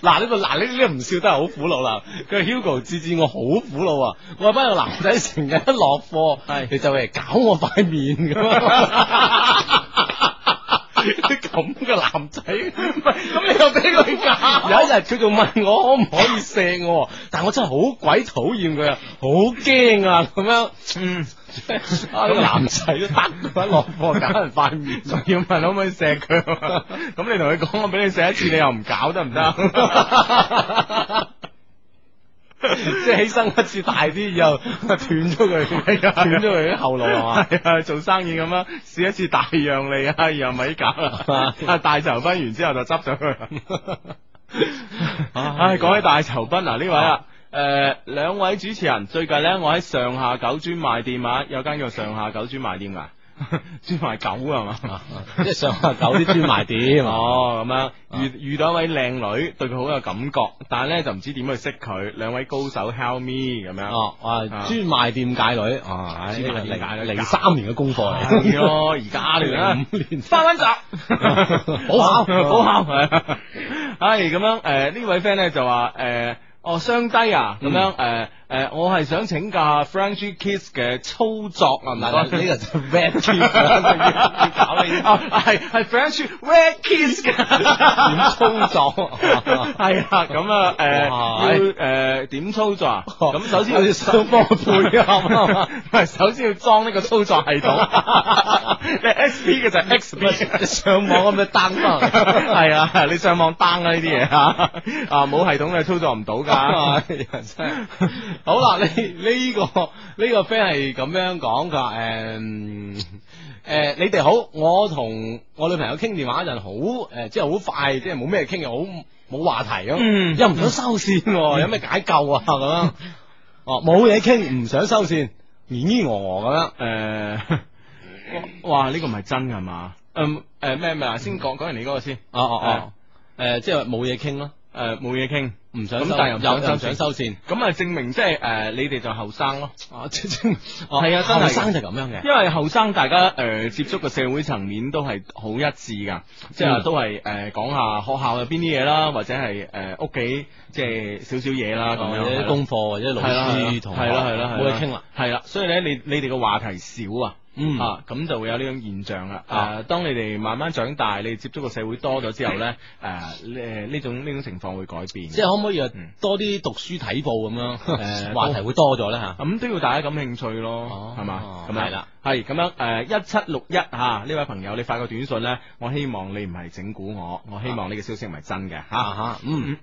嗱呢個嗱呢呢唔笑都係好苦惱啦。佢係 Hugo 志志，我好苦惱啊，我話班個男仔成日一落課，係佢 就嚟搞我塊面噉。 啲咁嘅男仔，唔係咁你又俾佢搞。 有一日佢仲問我可唔可以錫我，但我真係好鬼討厭佢啊，好驚啊咁樣。嗯，啊、男仔都得翻落課搞人塊面，仲 要問可唔可以錫佢。咁 你同佢講我俾你錫一次，你又唔搞得唔得？ 即係起身一次大啲又斷咗佢，斷咗佢啲後路。係嘛？係啊，做生意咁樣，試一次大讓利啊，又咪搞啦，大酬賓完之後就執咗佢。唉，講起大酬賓嗱，呢位啊，誒，兩位主持人最近咧，我喺上下九專賣店啊，有間叫上下九專賣店啊。專賣狗係嘛，即係上下九啲專賣店哦咁樣遇遇到一位靚女，對佢好有感覺，但係咧就唔知點去識佢。兩位高手，Help me 咁樣哦，啊專賣店界女哦，零零三年嘅功課嚟咯，而家呢五年三分習，好考係，唉咁樣誒呢位 friend 咧就話誒哦雙低啊咁樣誒。.誒，我係想請教 Frenchy Kids 嘅操作係咪？呢個就 rap team 啦，要搞啦，啊係係 Frenchy rap kids 嘅點操作？係啊，咁啊誒要誒點操作？咁首先要上網配啊唔係首先要裝呢個操作系統。你 XP 嘅就係 XP，你上網咁樣 down 啊？係啊，你上網 down 啊呢啲嘢啊，啊冇系統你操作唔到噶。好啦，呢、這、呢個呢、這個 friend 係咁樣講，佢話誒誒，你哋好，我同我女朋友傾電話陣好誒，即係好快，即係冇咩傾，又好冇話題咁，題嗯、又唔想收線，啊，嗯、有咩解救啊咁？哦，冇嘢傾，唔想收線，咦咦我鵝咁啦，誒、呃，哇，呢、這個唔係真嘅係嘛？嗯，誒咩咪嗱，先講講完你嗰個先，哦哦哦，誒、啊啊啊啊啊啊啊，即係冇嘢傾啦。誒，冇嘢傾，唔想咁，但又又想收線，咁啊，證明即係誒，你哋就後生咯。哦，係啊，真後生就咁樣嘅，因為後生大家誒，接觸嘅社會層面都係好一致噶，即係都係誒，講下學校入邊啲嘢啦，或者係誒屋企即係少少嘢啦，咁樣啲功課或者老師同係啦，係啦，冇嘢傾啦，係啦，所以咧，你你哋嘅話題少啊。嗯啊，咁就會有呢種現象啦。誒，當你哋慢慢長大，你接觸嘅社會多咗之後咧，誒，呢呢種呢種情況會改變。即係可唔可以啊？多啲讀書睇報咁樣，誒，話題會多咗呢？吓。咁都要大家感興趣咯，係嘛？咁係啦，係咁樣。誒，一七六一吓，呢位朋友你發個短信呢，我希望你唔係整蠱我，我希望呢個消息唔係真嘅。吓吓，嗯，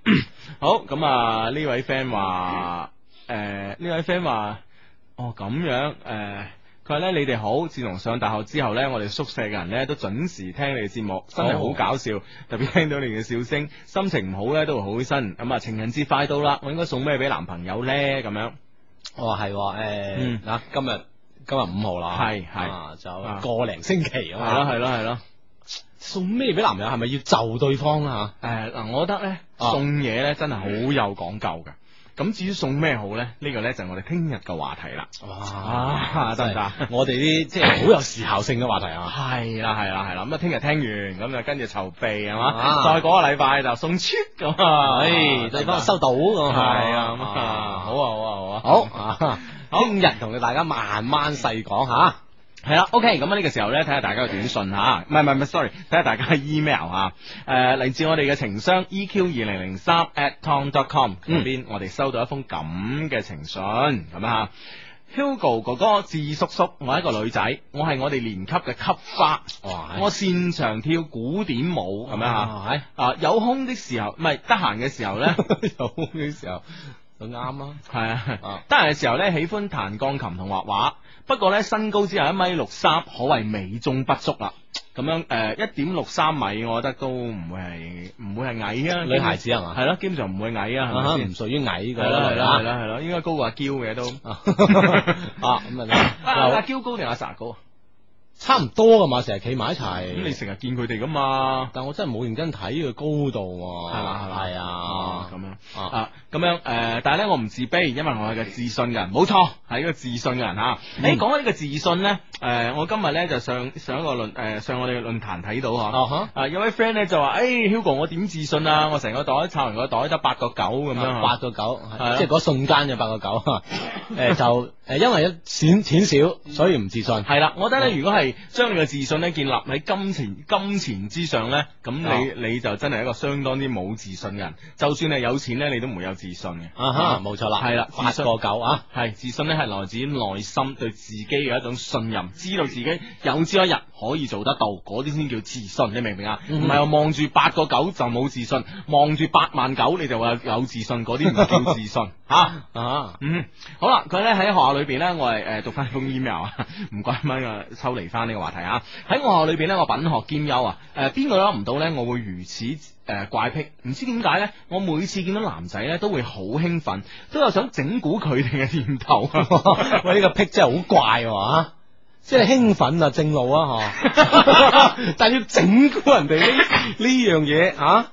好。咁啊，呢位 friend 話，誒，呢位 friend 話，哦，咁樣，誒。佢話咧，你哋好。自從上大學之後咧，我哋宿舍嘅人咧都準時聽你哋節目，真係好搞笑。哦、特別聽到你嘅笑聲，心情唔好咧都會好起身。咁、嗯、啊，情人節快到啦，我應該送咩俾男朋友呢？咁樣，我話係誒，嗱、哦呃嗯，今日今日五號啦，係係、啊，就個零星期咁。係咯係咯係咯。送咩俾男朋友？係咪要就對方啊？誒嗱，我覺得呢，啊、送嘢呢，真係好有講究嘅。咁至於送咩好咧？呢個咧就係我哋聽日嘅話題啦。哇！得唔得？我哋啲即係好有時效性嘅話題啊。係啦係啦係。咁啊，聽日聽完咁就跟住籌備係嘛。再過個禮拜就送出咁。唉，對方收到咁。係啊，好啊好啊好啊。好啊，聽日同大家慢慢細講嚇。係啦，OK，咁呢個時候呢，睇下大家嘅短信吓，唔係唔係唔係，sorry，睇下大家嘅 email 吓、啊，誒嚟自我哋嘅情商 EQ 二零零三 at tom dot com 邊，我哋收到一封咁嘅情信，咁啊，Hugo 哥哥、志叔叔，我係一個女仔，我係我哋年級嘅級花，我擅長跳古典舞，咁啊，啊 有空的時候，唔係得閒嘅時候呢，有空嘅時候，就啱啦，係啊，得閒嘅時候呢，喜歡彈鋼琴同畫畫。不過咧，身高只係一米六三，可謂美中不足啦。咁樣誒，一點六三米，我覺得都唔會係唔會係矮啊，女孩子係嘛？係咯吧，基本上唔會矮啊，唔屬於矮嘅啦，係啦吧，係啦，係啦，應該高過阿嬌嘅都。 啊咁好啊，阿嬌高定阿 Sa 高？差唔多噶嘛，成日企埋一齊，咁、嗯、你成日見佢哋噶嘛？但我真係冇認真睇佢高度。係啦，係啊，咁樣啊，咁、啊、樣誒、呃，但係咧我唔自卑，因為我係個自信嘅人，冇錯，係一個自信嘅人吓。誒，你講緊呢個自信咧，誒、啊嗯呃，我今日咧就上上一個論，誒、呃，上我哋嘅論壇睇到嗬。啊,啊有位 friend 咧就話，誒、哎、，Hugo 我點自信啊？我成個袋抄完個袋得八個九咁樣，八、啊、 個九、啊，即係嗰瞬間就八個九、啊，誒就。誒，因為一錢錢少，所以唔自信。係啦，我覺得咧，如果係將你嘅自信咧建立喺金錢金錢之上咧，咁你你就真係一個相當之冇自信人。就算你有錢咧，你都唔會有自信嘅。啊哈，冇錯啦，係啦，八個九啊，係自信咧係來自於內心對自己嘅一種信任，知道自己有朝一日可以做得到，嗰啲先叫自信。你明唔明啊？唔係話望住八個九就冇自信，望住八萬九你就話有自信，嗰啲唔叫自信。吓啊，嗯，好啦，佢咧喺學校。裏邊呢，我係誒讀翻封 email，唔該，阿媽抽離翻呢個話題啊！喺我學校裏邊呢，我品學兼優啊！誒、呃，邊個都諗唔到呢？我會如此誒、呃、怪癖，唔知點解呢，我每次見到男仔呢，都會好興奮，都有想整蠱佢哋嘅念頭。 喂，呢、這個癖真係好怪啊！即係興奮啊，正路啊，但 但要整蠱人哋呢呢樣嘢啊！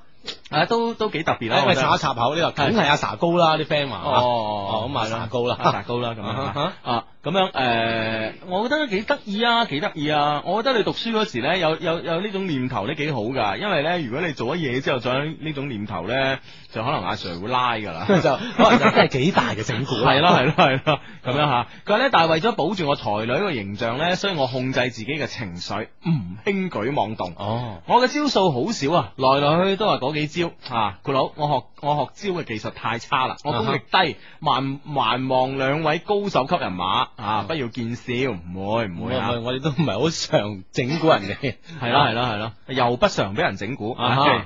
誒，都都幾特別啦。啊！咪插一插口呢度，咁係阿沙高啦啲 friend 話，哦哦咁啊，啦，沙高啦，沙高啦咁啊。咁樣誒、欸，我覺得幾得意啊，幾得意啊！我覺得你讀書嗰時呢，有有有呢種念頭都幾好噶，因為呢，如果你做咗嘢之後，再有呢種念頭呢，就可能阿 Sir、 啊、會拉噶啦，就可能真係幾大嘅整蠱。係咯係咯係咯，咁樣吓。佢咧，但係為咗保住我才女個形象呢，所以我控制自己嘅情緒，唔輕舉妄動。哦，我嘅招數好少啊，來來去去都係嗰幾招。吓、啊，佢攞我學我學，我學招嘅技術太差啦，我功力低，萬萬望兩位高手級人馬。啊！不要見笑，唔會唔會，唔會唔會唔會我哋都唔係好常整蠱人嘅，係咯係咯係咯，又不常俾人整蠱。ok，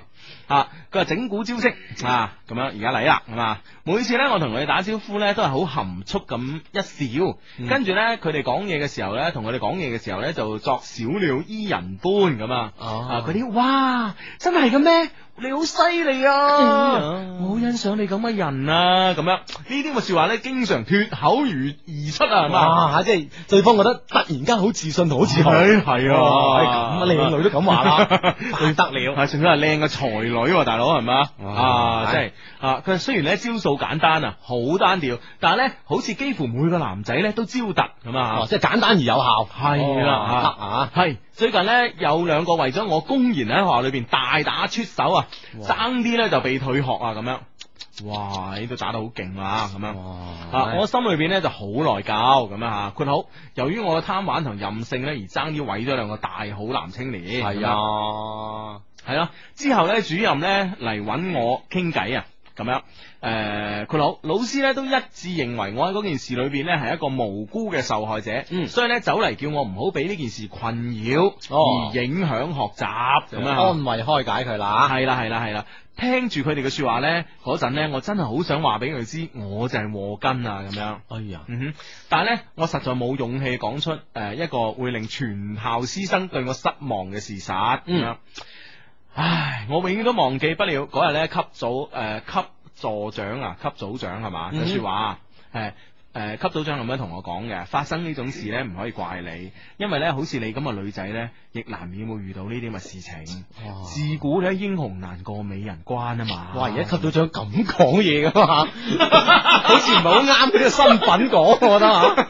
吓。佢話整蠱招式啊，咁樣而家嚟啦，係嘛？每次咧，我同佢哋打招呼咧，都係好含蓄咁一笑，跟住咧，佢哋講嘢嘅時候咧，同佢哋講嘢嘅時候咧，就作小鳥依人般咁啊！啊，嗰啲哇，真係咁咩？你好犀利啊！我好欣賞你咁嘅人啊！咁樣呢啲咁嘅說話咧，經常脱口如而出啊，係嘛？即係對方覺得突然間好自信同好自豪，係啊！咁啊，靚女都咁話啦，你得了，係算有係靚嘅才女，大。好係嘛啊，即係啊，佢雖然咧招數簡單啊，好單調，但係咧好似幾乎每個男仔咧都招突咁啊、哦，即係簡單而有效，係啦、啊，得係、啊、最近咧有兩個為咗我公然喺學校裏邊大打出手啊，爭啲咧就被退學啊，咁樣，哇，呢都打得好勁哇啊，咁嗎樣，哇，我心裏邊咧就好內疚咁樣吓，括好，由於我嘅貪玩同任性咧而爭啲毀咗兩個大好男青年，係啊。樣係咯，之後呢主任呢，嚟搵我傾偈啊，咁樣誒，佢、呃、老老師呢都一致認為我喺嗰件事裏邊呢係一個無辜嘅受害者，嗯，所以呢走嚟叫我唔好俾呢件事困擾而影響學習，咁、哦、樣安慰開解佢啦，係啦係啦係啦，聽住佢哋嘅說話呢，嗰陣呢我真係好想話俾佢知我就係禍根啊，咁樣，哎呀，哼、嗯嗯，但係呢，我實在冇勇氣講出誒一個會令全校師生對我失望嘅事實，嗯。嗯唉，我永遠都忘記不了嗰日咧，級組誒、呃，級助長啊，級組長係嘛嘅說話啊，誒、呃、誒，級組長咁樣同我講嘅，發生呢種事咧唔可以怪你，因為咧好似你咁嘅女仔咧。亦難免會遇到呢啲咁嘅事情。自古咧，英雄難過美人關啊嘛。哇！而家吸到長咁講嘢噶嘛？好似唔係好啱呢個身份講，我覺得啊。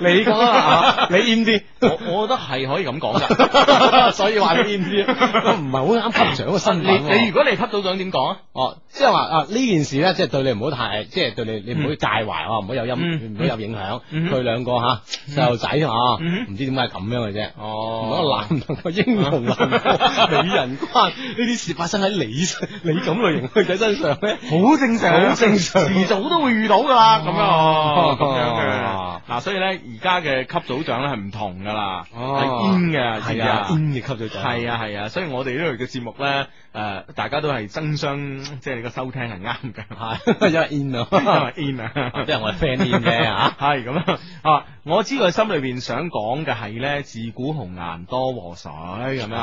你講啊，你知唔知？我我覺得係可以咁講噶。所以話你知唔知？唔係好啱吸長個身份。你如果你吸到長點講啊？哦，即係話啊呢件事咧，即係對你唔好太，即係對你你唔好介懷，唔好有陰，唔好有影響。佢兩個吓細路仔啊嘛，唔知點解係咁樣嘅啫。哦，唔同個英雄難過美人關呢啲事發生喺你身、你咁類型女仔身上咩？好正常，好正常，遲早都會遇到噶啦。咁樣哦，咁樣嘅。嗱，所以咧，而家嘅級組長咧係唔同噶啦，係 in 嘅，係啊 in 嘅級組長，係啊係啊。所以我哋呢類嘅節目咧。誒，大家都係爭相，即係你嘅收聽係啱嘅，係因為 in 啊，因為 in 啊，即係我係 friend in 啫，吓，係咁啊，我知佢心裏邊想講嘅係咧，自古紅顏多禍水咁樣，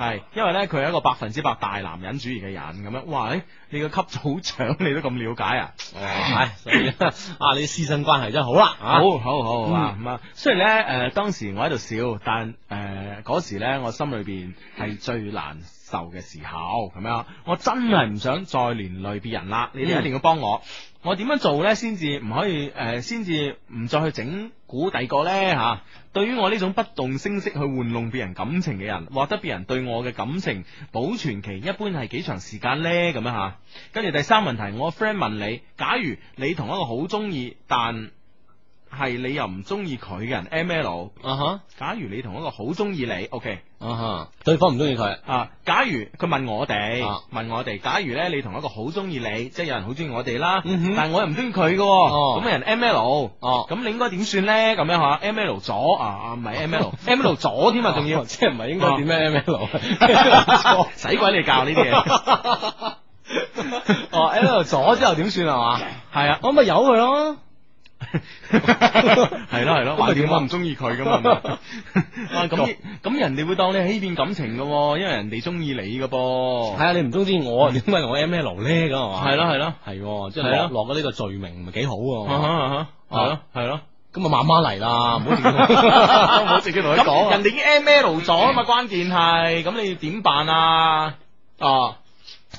係，因為咧佢係一個百分之百大男人主義嘅人咁樣。哇，你個級組長你都咁了解啊？係啊，所以你師生關係真係好啦，好好好啊。咁啊，雖然咧誒當時我喺度笑，但誒嗰時咧我心裏邊係最難受嘅時候咁樣，我真係唔想再連累別人啦。你呢，一定要幫我，我點樣做呢？先至唔可以誒，先至唔再去整蠱第個呢？吓、啊。對於我呢種不動聲色去玩弄別人感情嘅人，獲得別人對我嘅感情保存期一般係幾長時間呢？咁樣吓。跟住第三問題，我個 friend 問你，假如你同一個好中意但。係你又唔中意佢嘅人，M L 啊哈！假如你同一個好中意你，O K 啊哈，對方唔中意佢啊。假如佢問我哋，問我哋，假如咧你同一個好中意你，即係有人好中意我哋啦，但係我又唔中意佢嘅，咁嘅人 M L 哦，咁你應該點算咧咁樣吓？M L 左啊，唔係 M L，M L 左添啊，仲要即係唔係應該點咩？M L，使鬼你教呢啲嘢？哦，M L 左之後點算啊？係咪，係啊，我咪由佢咯。係咯係咯，關鍵 我點解唔中意佢噶嘛，咁咁、啊、人哋會當你係欺騙感情噶，因為人哋中意你噶噃，係啊你唔中意我，點解同我 M L 咧咁係嘛？係咯係咯，係即係落落咗呢個罪名，咪幾好？係咯係咯，咁啊慢慢嚟啦，唔好直接，唔好直接同佢講。咁人哋已經 M L 咗啊嘛， 關鍵係咁你點辦啊？啊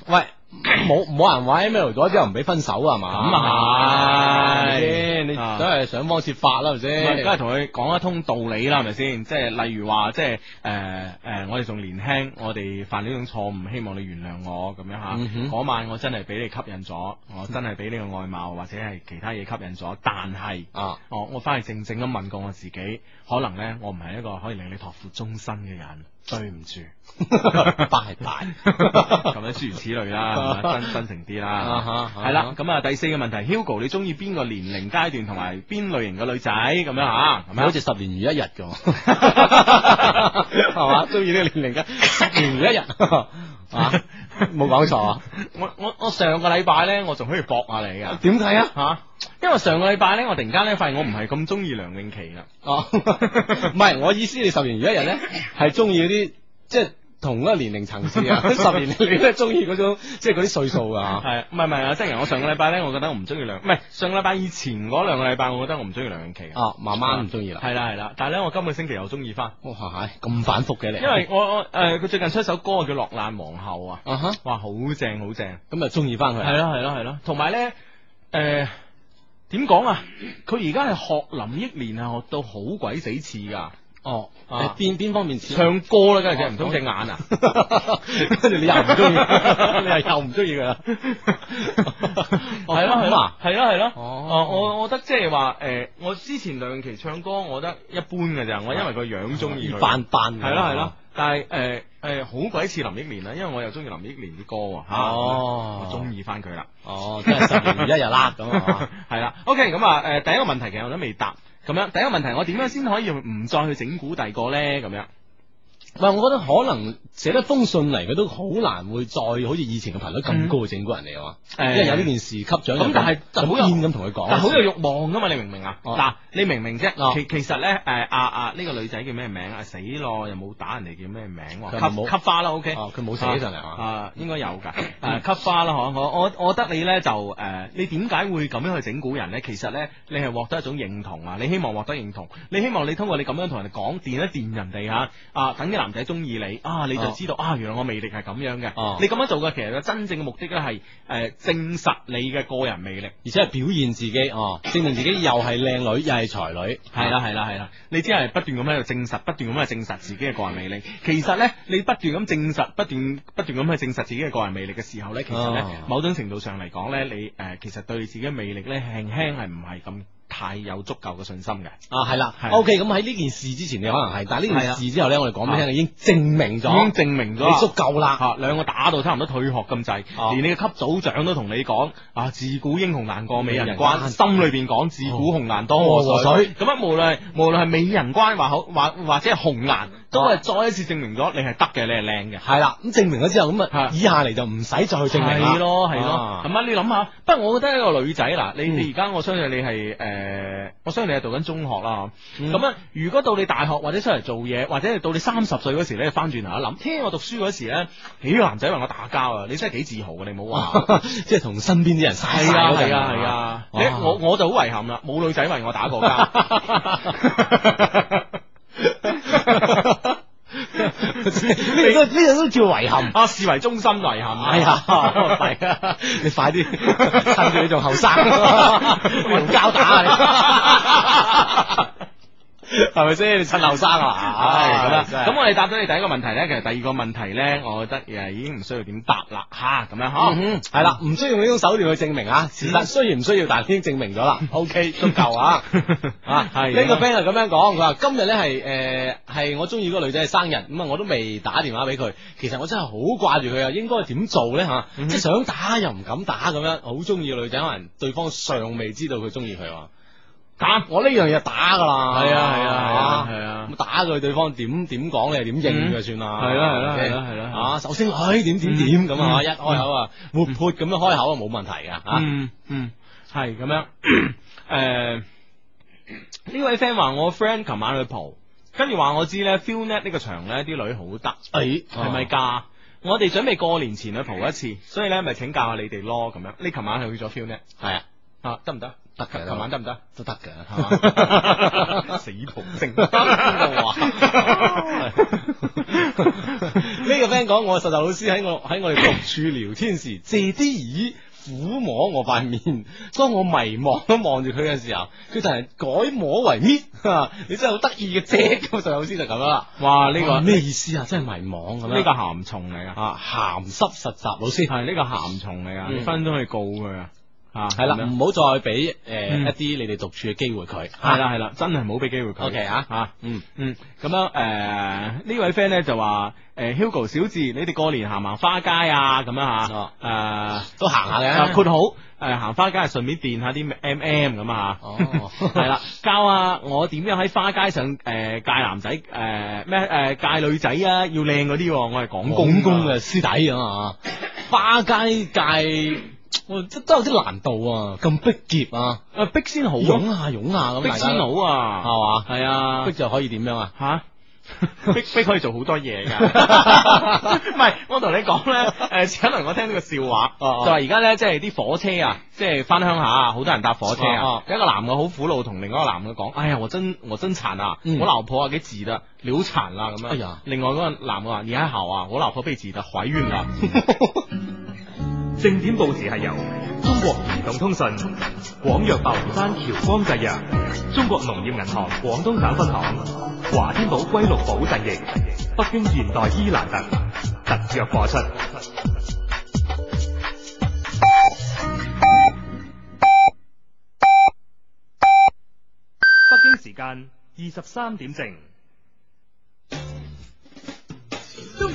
喂！冇冇人話 mail 咗之後唔俾分手係嘛？咁啊係，你都係想方設法啦，係咪先？梗係同佢講一通道理啦，係咪先？即係、就是、例如話，即係誒誒，我哋仲年輕，我哋犯呢種錯誤，希望你原諒我咁樣吓。嗰、嗯、哼晚我真係俾你吸引咗，我真係俾你嘅外貌或者係其他嘢吸引咗，但係啊，我我翻去靜靜咁問過我自己，可能咧我唔係一個可以令你託付終身嘅人。對唔住， 拜拜。扮，咁樣諸如此類啦， 真真誠啲啦，係啦。 咁第四個問題，Hugo，你中意邊個年齡階段同埋邊類型嘅女仔？咁 樣吓，好似 十年如一日嘅，係嘛？中意呢個年齡嘅十年如一日。啊，冇講錯，我我我上個禮拜咧，我仲可以博下你噶。點睇啊？吓、啊啊，因為上個禮拜咧，我突然間咧發現我唔係咁中意梁詠琪啦。哦、 啊，唔係，我意思你十年如一日咧，係中意啲即係。同嗰個年齡層次啊，十 年 你都係中意嗰種，即係嗰啲歲數啊。吓。 係，唔係唔係啊！即係我上個禮拜咧，我覺得我唔中意梁，唔係上個禮拜以前嗰兩個禮拜，我覺得我唔中意梁詠琪啊。慢慢唔中意啦。係啦係啦，但係咧，我今個星期又中意翻。哇、哦，係咁反覆嘅你、啊。因為我誒，佢、呃、最近出一首歌叫《落難皇后》啊，哇，好正好正，咁就中意翻佢。係咯係咯係咯，同埋咧誒，點講啊？佢而家係學林憶蓮啊，學到好鬼死似噶。哦，邊邊方面？唱歌咧，梗係睇唔通隻眼啊！跟住你又唔中意，你又又唔中意佢啦。係咯，咁啊，係咯，係咯。哦，我我覺得即係話，誒，我之前梁詠琪唱歌，我覺得一般嘅咋。我因為個樣中意佢扮笨，係咯，係咯。但係誒誒，好鬼似林憶蓮啊！因為我又中意林憶蓮啲歌啊。吓，我中意翻佢啦。哦，即係十年如一日啦咁啊，係啦。OK，咁啊，誒，第一個問題其實我都未答。咁樣第一個問題，我點樣先可以唔再去整蠱第二個咧？咁樣。唔係，我覺得可能寫咗封信嚟，佢都好難會再好似以前嘅頻率咁高，嗯、整蠱人嚟啊！因為有呢件事吸咗，咁是，但係好有癲咁同佢講，說但好有欲望噶嘛！你明唔明，哦、啊？嗱，你明唔明啫，哦？其其實咧，誒、呃、啊啊，呢、啊啊呢個女仔叫咩名啊？死咯！又冇打人哋叫咩名，啊、吸、吸花啦，OK、哦。佢冇寫上嚟啊嘛。啊，應該有㗎。誒、啊、花啦、啊，我我我覺得你咧就誒、啊，你點解會咁樣去整蠱人咧？其實咧，你係獲得一種認同啊！你希望獲得認同，你希望你通過你咁樣同人哋講，電一電人哋嚇啊，等。男仔中意你啊，你就知道、哦、啊，原來我魅力係咁樣嘅。哦、你咁樣做嘅，其實嘅真正嘅目的咧，係、呃、誒證實你嘅個人魅力，而且係表現自己、哦，證明自己又係靚女又係才女。係啦係啦係啦，你只係不斷咁喺度證實，不斷咁去證實自己嘅個人魅力。其實呢，你不斷咁證實，不斷不斷咁去證實自己嘅個人魅力嘅時候呢，其實呢，哦、某種程度上嚟講呢，你誒、呃、其實對自己嘅魅力呢，輕輕係唔係咁。太有足夠嘅信心嘅啊，係啦係，OK，咁喺呢件事之前你可能係，但係呢件事之後咧，係我哋講俾你聽已經證明咗，已經證明咗，你足夠啦。兩個打到差唔多退學咁滯，係連你嘅級組長都同你講：啊，自古英雄難過美人關，人關心裏邊講自古紅顏多禍水。咁啊、嗯，無論無論係美人關或或或者係紅顏，都係再一次證明咗你係得嘅，你係靚嘅。係啦，咁證明咗之後，咁啊以下嚟就唔使再去證明啦。係咯，係咯，係咪、啊嗯？你諗下，不過我覺得一個女仔嗱，你你而家我相信你係誒、呃，我相信你係讀緊中學啦。咁啊、嗯，嗯、如果到你大學或者出嚟做嘢，或者到你三十歲嗰時咧，你翻轉頭一諗，聽我讀書嗰時咧，幾個男仔為我打交啊？你真係幾自豪㗎！你唔好話，即係同身邊啲人係啊係啊係啊！誒哇，我我，我就好遺憾啦，冇女仔為我打過交。 呢個呢個都叫遺憾啊，視為中心遺憾。係、哎、啊，係 啊，你快啲，趁住你仲後生，用膠打啊！係咪先？新後生啊！咁我哋答咗你第一個問題咧，其實第二個問題咧，我覺得已經唔需要點答啦吓，咁、啊、樣嗬，係、啊、啦，唔、嗯、哼需要用呢種手段去證明啊，事、嗯、實雖然唔需要，但已經證明咗啦。嗯、OK，都夠啊！ 啊，啊的個呢個 friend 就咁樣講，佢話今日咧係誒係我中意嗰個女仔嘅生日，咁啊我都未打電話俾佢，其實我真係好掛住佢啊，應該點做咧吓？即係想打又唔敢打咁樣，好中意嘅女仔可能對方尚未知道佢中意佢。打我呢樣嘢，打噶啦。係啊係啊係啊，咁打佢對方點點講，你又點認嘅算啦，係啦係啦係啦，啊首先唉點點點咁啊，一開口啊，活潑咁樣開口啊，冇問題噶吓，嗯係咁樣誒，呢位 friend 話我 friend 琴晚去蒲，跟住話我知咧 feel net 呢個場咧啲女好得，係咪噶？我哋準備過年前去蒲一次，所以咧咪請教下你哋咯，咁樣你琴晚去咗 feel net 係啊，得唔得？啊得噶，琴晚得唔得？都得噶，係嘛？死仆精！哇！呢個 friend 講我實習老師喺我喺我哋獨處聊天時，借啲耳撫摸我塊面。當我迷茫咁望住佢嘅時候，佢就係改摸為搣。你真係好得意嘅啫！咁實習老師就咁樣啦。哇！呢個咩意思啊？真係迷茫咁樣。呢個鹹蟲嚟噶吓，鹹濕實習老師係呢個鹹蟲嚟噶，分都去告佢。 啊，係啦，唔好再俾誒，呃嗯、一啲你哋獨處嘅機會佢。係、啊、啦，係 啦樂，真係唔好俾機會佢。O K 啊，啊，嗯嗯，咁樣誒，呃、位呢位 friend 咧就話誒、呃、Hugo 小智，你哋過年行行花街啊咁樣嚇，誒、啊哦、都行下嘅、啊啊。括好誒、嗯、行花街係順便電下啲 M M 咁嚇。啊、哦，係啦，教下我點樣喺花街上誒界男仔誒咩誒界女仔啊，要靚嗰啲，我係講公公嘅師弟咁啊。花街界，界。我都都有啲難度，啊，咁逼劫啊。啊，逼先好，湧下湧下咁，逼、啊、先好啊，係嘛吧？係啊，逼就可以點樣啊？吓，逼逼可以做好多嘢噶。唔係， 我同你講咧，誒、呃，可能我聽到個笑話，哦哦、就話而家咧，即係啲火車啊，即係翻鄉下，好多人搭火車。啊。哦哦、一個男嘅好苦惱，同另一個男嘅講：，哎呀，我真我真殘啊，嗯、我老婆啊幾遲啦，你好殘啊，咁樣。哎呀呦，另外嗰個男嘅話，而家姣啊，我老婆被治得懷孕啦。 正點報時係由中國移動通信、廣藥白雲山、僑光製藥、中國農業銀行廣東省分行、華天寶、歸綠寶陣營、北京現代伊蘭特特約播出。北京時間二十三點正。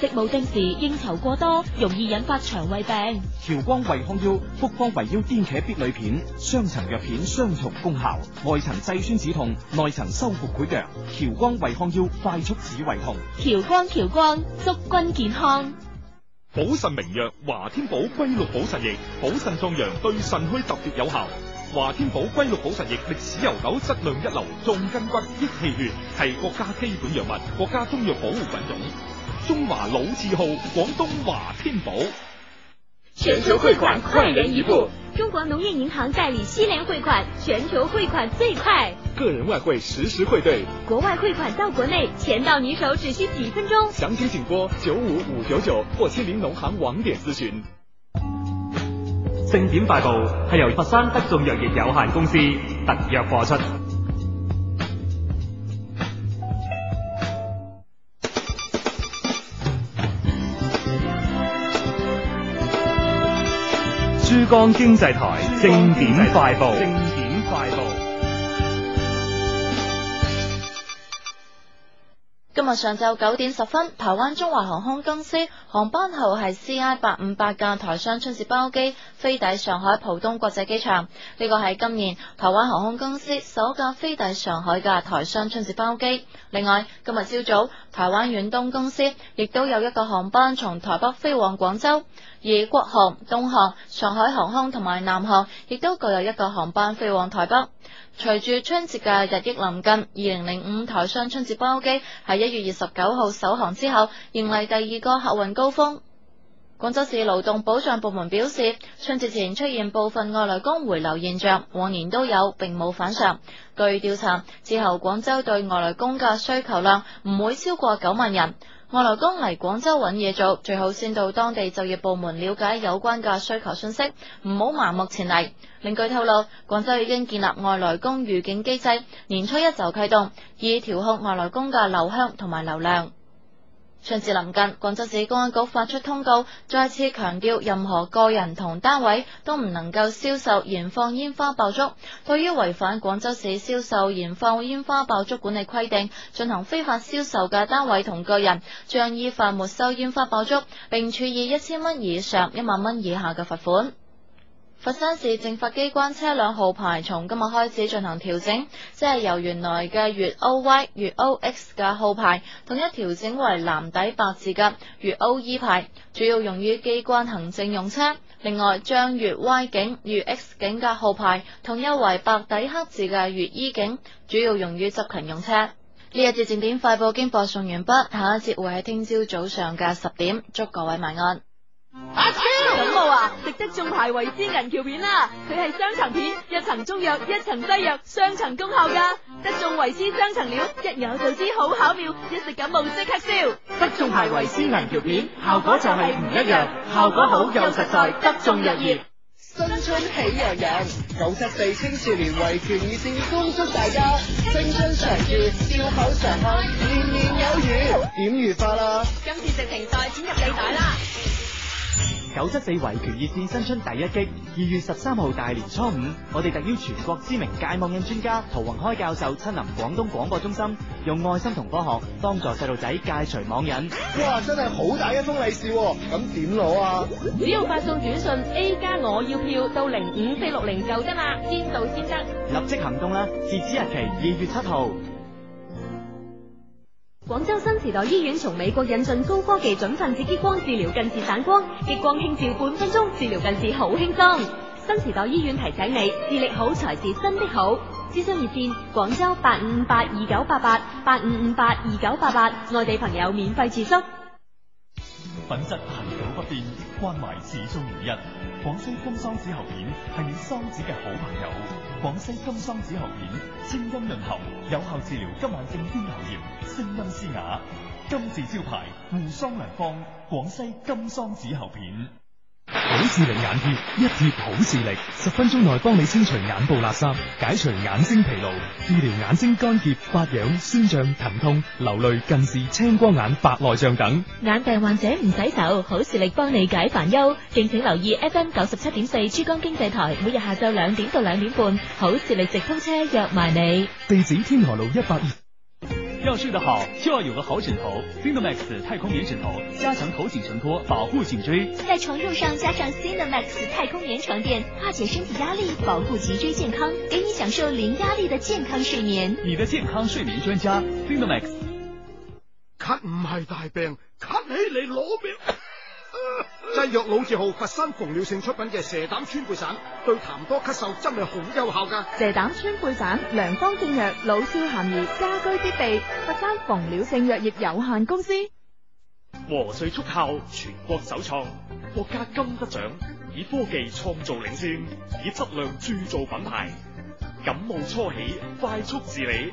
食冇定時，應酬過多，容易引發腸胃病。橋光胃康腰複方胃腰顛茄必類片，雙層藥片，雙重功效，外層制酸止痛，內層修復潰瘍。橋光胃康腰快速止胃痛。橋光橋光，祝君健康。補腎名藥華天寶龜鹿補腎液，補腎壯陽，對腎虛特別有效。華天寶龜鹿補腎液，歷史悠久，質量一流，壯筋骨，益氣血，血，係國家基本藥物，國家中藥保護品種。中華老字號廣東華天寶，全球匯款快人一步，中國農業銀行代理西聯匯款，全球匯款最快，個人外匯實時匯兌，國外匯款到國內，錢到你手只需幾分鐘，詳情請撥九五五九九或親臨農行網點諮詢。正點快報係由佛山德眾藥業有限公司特約播出。珠江經濟台正點快報。正點快報。今日上晝九點十分，台灣中華航空公司航班號係 CI 八五八架台商春節包機飛抵上海浦東國際機場。呢個係今年台灣航空公司首架飛抵上海嘅台商春節包機。另外，今日朝早，台灣遠東公司亦都有一個航班從台北飛往廣州。而國航、東航、上海航空同埋南航亦都各有一個航班飛往台北。隨住春節嘅日益臨近，二零零五台商春節包機喺一月二十九號首航之後，迎嚟第二個客運高峰。廣州市勞動保障部門表示，春節前出現部分外來工回流現象，往年都有，並冇反常。據調查，之後廣州對外來工嘅需求量唔會超過九萬人。外來工嚟廣州揾嘢做，最好先到當地就業部門了解有關嘅需求信息，唔好盲目前嚟。另據透露，廣州已經建立外來工預警機制，年初一就啟動，以調控外來工嘅流向同埋流量。春節臨近，廣州市公安局發出通告，再次強調任何個人同單位都唔能夠銷售燃放煙花爆竹。對於違反廣州市銷售燃放煙花爆竹管理規定，進行非法銷售嘅單位同個人，將依法沒收煙花爆竹，並處以一千蚊以上一萬蚊以下嘅罰款。佛山市政法機關車輛號牌從今日開始進行調整，即係由原來嘅粵 OY、粵 OX 嘅號牌統一調整為藍底白字嘅粵 OE 牌，主要用於機關行政用車。另外，將粵 Y 警、粵 X 警嘅號牌統一為白底黑字嘅粵 E 警，主要用於執勤用車。呢日節正點快報經播送完畢，下一節會喺聽朝早上嘅十點，祝各位晚安。發燒感冒啊，食得眾牌維 C 銀翹片啦，佢係雙層片，一層中藥，一層西藥，雙層功效噶。得眾維 C 雙層料，一有就知好巧妙，一食感冒即刻消。得眾牌維 C 銀翹片效果就係唔一樣，效果好又實在，得眾藥業。新春喜洋洋，九七四青少年維權與善恭祝大家青說春常駐，笑口常開，年年有餘，點如花啦？今次直情再剪入幾袋啦！九七四維權熱線新春第一擊，二月十三號大年初五，我哋特邀全國知名戒網癮專家陶宏開教授親臨廣東廣播中心，用愛心同科學幫助細路仔戒除網癮。哇，真係好大一封利是，咁點攞啊？啊只要發送短信 A 加我要票到零五四六零就得啦，先到先得，立即行動啦、啊！截止日期二月七號。廣州新時代醫院從美國引進高科技準分子激光治療近視散光，激光輕照半分鐘，治療近視好輕鬆。新時代醫院提醒你，視力好才是真的好。諮詢熱線：廣州八五五八二九八八，八五五八二九八八，外地朋友免費諮詢。品質恆久不變，關懷始終如一。廣西金桑子喉片係你桑子嘅好朋友。廣西金桑子喉片，清音潤喉，有效治療急眼症、咽喉炎，聲音嘶啞。金字招牌，護桑良方，廣西金桑子喉片。好視力眼貼，一貼好視力，十分鐘內幫你清除眼部垃圾，解除眼睛疲勞，治療眼睛乾澀、發癢、酸脹、疼痛、流淚、近視、青光眼、白內障等。眼病患者唔使愁，好視力幫你解煩憂。敬請留意 FM 九十七點四珠江經濟台，每日下晝兩點到兩點半，好視力直通車約埋你。地址：天河路一百二。要睡得好，就要有個好枕頭。Cinemax 太空棉枕頭，加強頭頸承托，保護頸椎。在床褥上加上 Cinemax 太空棉床墊，化解身體壓力，保護脊椎健康，給你享受零壓力的健康睡眠。你的健康睡眠專家，Cinemax。咳，唔係大病，咳起嚟攞命。製藥老字號佛山馮了性出品嘅蛇膽川貝散，對痰多咳嗽真係好有效噶。蛇膽川貝散，良方正藥，老少咸宜，家居必備。佛山馮了性藥業有限公司，和穗速效，全國首創，國家金得獎，以科技創造領先，以質量鑄造品牌。感冒初起，快速治理。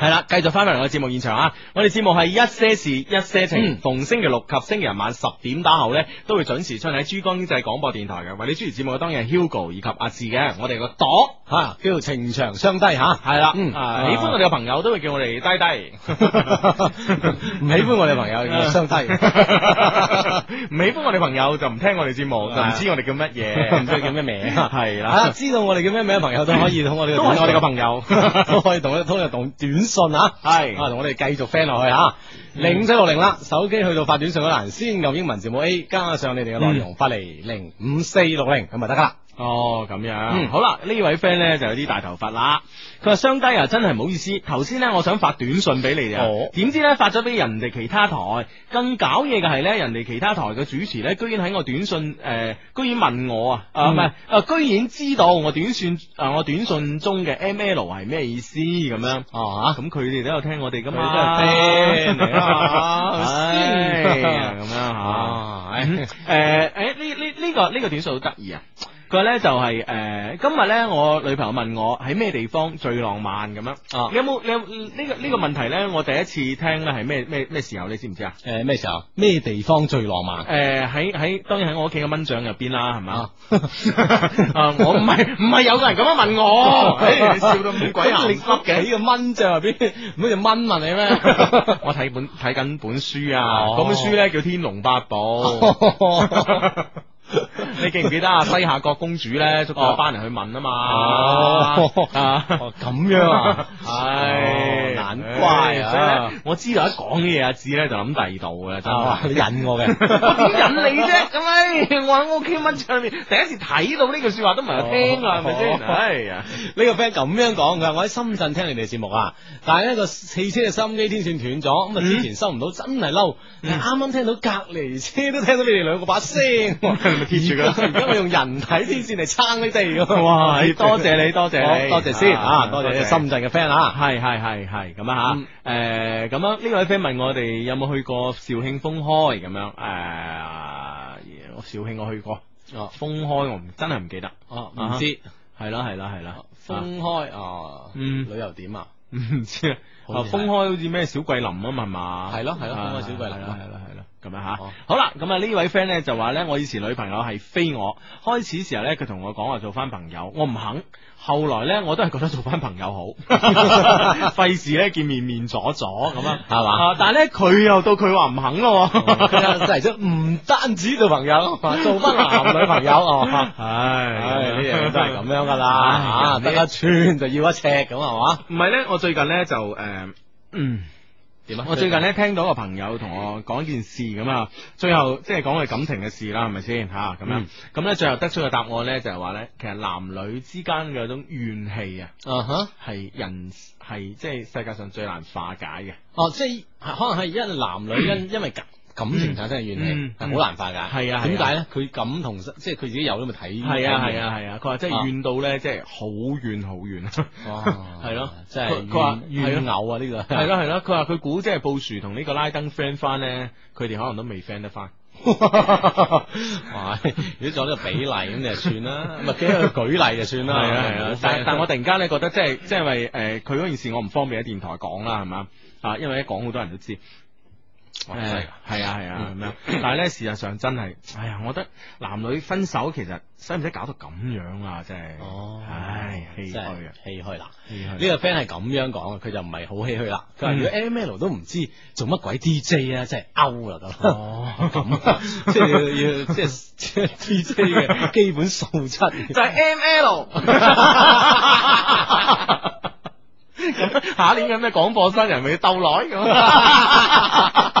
係啦，繼續翻返嚟我節目現場啊！我哋節目係一些事一些情，逢星期六及星期日晚十點打後咧，都會準時出喺珠江經濟廣播電台嘅。為你主持節目嘅當然係 Hugo 以及阿志嘅，我哋個朵吓，叫做情長相低吓。係啦，喜歡我哋嘅朋友都會叫我哋低低，唔喜歡我哋嘅朋友唔相低，唔喜歡我哋朋友就唔聽我哋節目，就唔知我哋叫乜嘢，唔知叫咩名，係啦，知道我哋叫咩名嘅朋友都可以通我哋個，我哋個朋友，都可以同咧通同短。信啊，係，啊，同我哋繼續 friend 落去吓。零五四六零啦，手機去到發短信嗰欄先，用英文字母 A 加上你哋嘅內容，嗯、發嚟零五四六零咁咪得啦。哦，咁樣，嗯，好啦，呢位 friend 咧就有啲大頭髮啦。佢話商低啊，真係唔好意思。頭先咧，我想發短信俾你哋。點知咧，發咗俾人哋其他台。更搞嘢嘅係咧，人哋其他台嘅主持咧，居然喺我短信誒，居然問我啊，啊唔係啊，居然知道我短信啊，我短信中嘅 ML 係咩意思咁樣啊？咁佢哋都有聽我哋咁嘅真嘅，咁樣吓誒誒誒，呢呢呢個呢個短信好得意啊！佢咧就係誒，今日咧我女朋友問我喺咩地方最浪漫咁樣啊？你有冇你呢個呢個問題咧？我第一次聽咧係咩咩咩時候你知唔知啊？誒，咩時候？咩地方最浪漫？誒，喺喺，當然喺我屋企嘅蚊帳入邊啦，係咪？啊，我唔係唔係有個人咁樣問我，你笑到五鬼眼碌你屋企嘅蚊帳入邊，乜嘢蚊問你咩？我睇本睇緊本書啊，嗰本書咧叫《天龍八寶》。你記唔記得啊？西夏國公主咧，捉咗班人去問啊嘛。哦，咁樣，唉，難怪。啊！所以咧，我知道一講啲嘢，阿志咧就諗第二道嘅，就話你引我嘅。我點引你啫？咁我喺屋企蚊上面第一次睇到呢句說話都唔係聽啦，係咪先？哎呀，呢個 friend 咁樣講嘅，我喺深圳聽你哋節目啊，但係呢個汽車嘅收音機天線斷咗，咁啊之前收唔到，真係嬲。啱啱聽到隔籬車都聽到你哋兩個把聲。而家我用人體天線嚟撐呢啲咁，哇！多謝你，多謝你，多謝先啊，多謝深圳嘅 friend 啊，係係係係咁啊吓。誒，咁啊呢位 friend 問我哋有冇去過肇慶封開咁樣誒，肇慶我去過，哦，封開我真係唔記得，哦唔知，係啦係啦係啦，封開啊，旅遊點啊，唔知啊，封開好似咩小桂林啊嘛係嘛，係咯係咯封開小桂林係啦係啦。咁樣吓，好啦，咁啊呢位 friend 咧就話咧，我以前女朋友係非我，開始時候咧佢同我講話做翻朋友，我唔肯，後來咧我都係覺得做翻朋友好，費事咧見面面阻阻咁啊，係嘛？但係咧佢又到佢話唔肯咯，真係真唔單止做朋友，做翻男女朋友哦，係，唉，呢樣嘢都係咁樣噶啦，啊，得一寸就要一尺咁係嘛，唔係咧，我最近咧就誒，嗯。我最近咧聽到個朋友同我講件事咁啊， 最後即係講佢感情嘅事啦，係咪先吓？咁樣咁咧，最後得出嘅答案咧就係話咧，其實男女之間嘅種怨氣啊，嗯哼、uh，係、huh. 人係即係世界上最難化解嘅。Uh huh. 哦，即係可能係因為男女因因為 感情產生嘅怨氣，好難化㗎。係啊，點解咧？佢感同即係佢自己有都咪睇。係啊，係啊，係啊。佢話即係怨到咧，即係好怨好怨。係咯，即係。佢話怨偶啊！呢個係咯係咯。佢話佢估即係布殊同呢個拉登 friend 翻咧，佢哋可能都未 friend 得翻。哇！如果作呢個比例咁就算啦，咪俾佢舉例就算啦。係啊係啊。但但我突然間咧覺得，即係即係，因為佢嗰件事，我唔方便喺電台講啦，係嘛啊？因為一講好多人都知。誒，係啊係啊，咩、啊？啊啊嗯、但係咧，事實上真係，哎呀，我覺得男女分手其實使唔使搞到咁樣啊？真係哦，唉，唏噓啊，唏噓、啊。嗱、啊，呢個 friend 係咁樣講嘅，佢就唔係好唏噓啦。佢話、嗯、如果 M L 都唔知做乜鬼 D J 啊，真係 out 啦都。哦，咁、 啊，即、就、係、是、要，即係即係 D J 嘅基本素質就係是 M L。 咁下年有咩廣播新人咪鬥耐咁？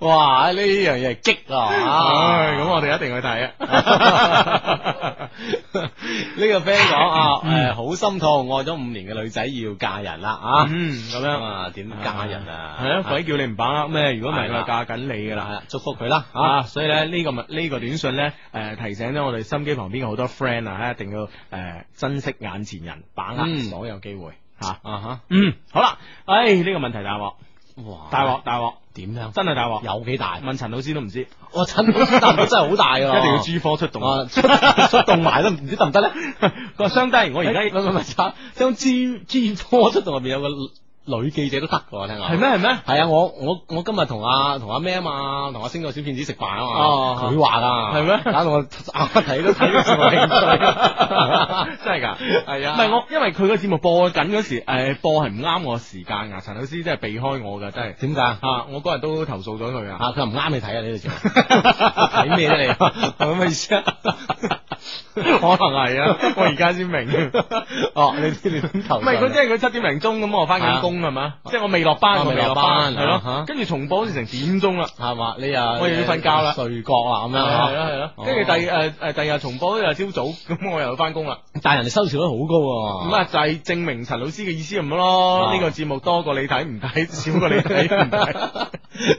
哇！呢樣嘢激啊！咁、哎、我哋一定去睇。呢個 friend 講啊，誒， 好、啊呃嗯、心痛，愛咗五年嘅女仔要嫁人啦啊！嗯，咁樣點、嗯、嫁人啊？係啊，鬼、啊、叫你唔把握咩、啊？如果唔係，佢嫁緊你噶啦，啊、祝福佢啦、嗯、啊！所以咧、這個，呢個呢個短信咧，誒、呃，提醒咗我哋心機旁邊好多 friend 啊，一定要誒、呃、珍惜眼前人，把握所、嗯、有機會。吓啊吓嗯好啦，誒呢、這個問題大鑊哇，大鑊大鑊點樣真係大鑊有幾大？問陳老師都唔知，我陳老師真係好 大噶、啊， 一定要 G4 出動，啊， 出動埋都唔知得唔得咧。個話雙低，我而家將 G G4 出動入邊有個。女記者都得噶，聽講係咩係咩？係啊，我我我今日同阿同阿咩啊嘛，同阿星個小騙子食飯啊嘛，佢話啊，係咩？打到我睇都睇個節目，真係噶係啊！唔係我，因為佢個節目播緊嗰時，誒播係唔啱我時間啊！陳老師真係避開我噶，真係點解吓？我嗰日都投訴咗佢啊！吓佢又唔啱你睇啊，呢個節目睇咩你？係咁嘅意思啊？可能係啊，我而家先明。哦，你知你咁投唔係佢即係佢七點零鐘咁，我翻緊工係嘛？即係我未落班，未落班，係咯。跟住重播都成點鐘啦，係嘛？你啊，我又要瞓覺啦，睡覺啦咁樣係咯係咯。跟住第二誒誒，第二日重播又朝早，咁我又翻工啦。但係人哋收視率好高。咁啊，就係證明陳老師嘅意思咁咯。呢個節目多過你睇唔睇，少過你睇唔睇，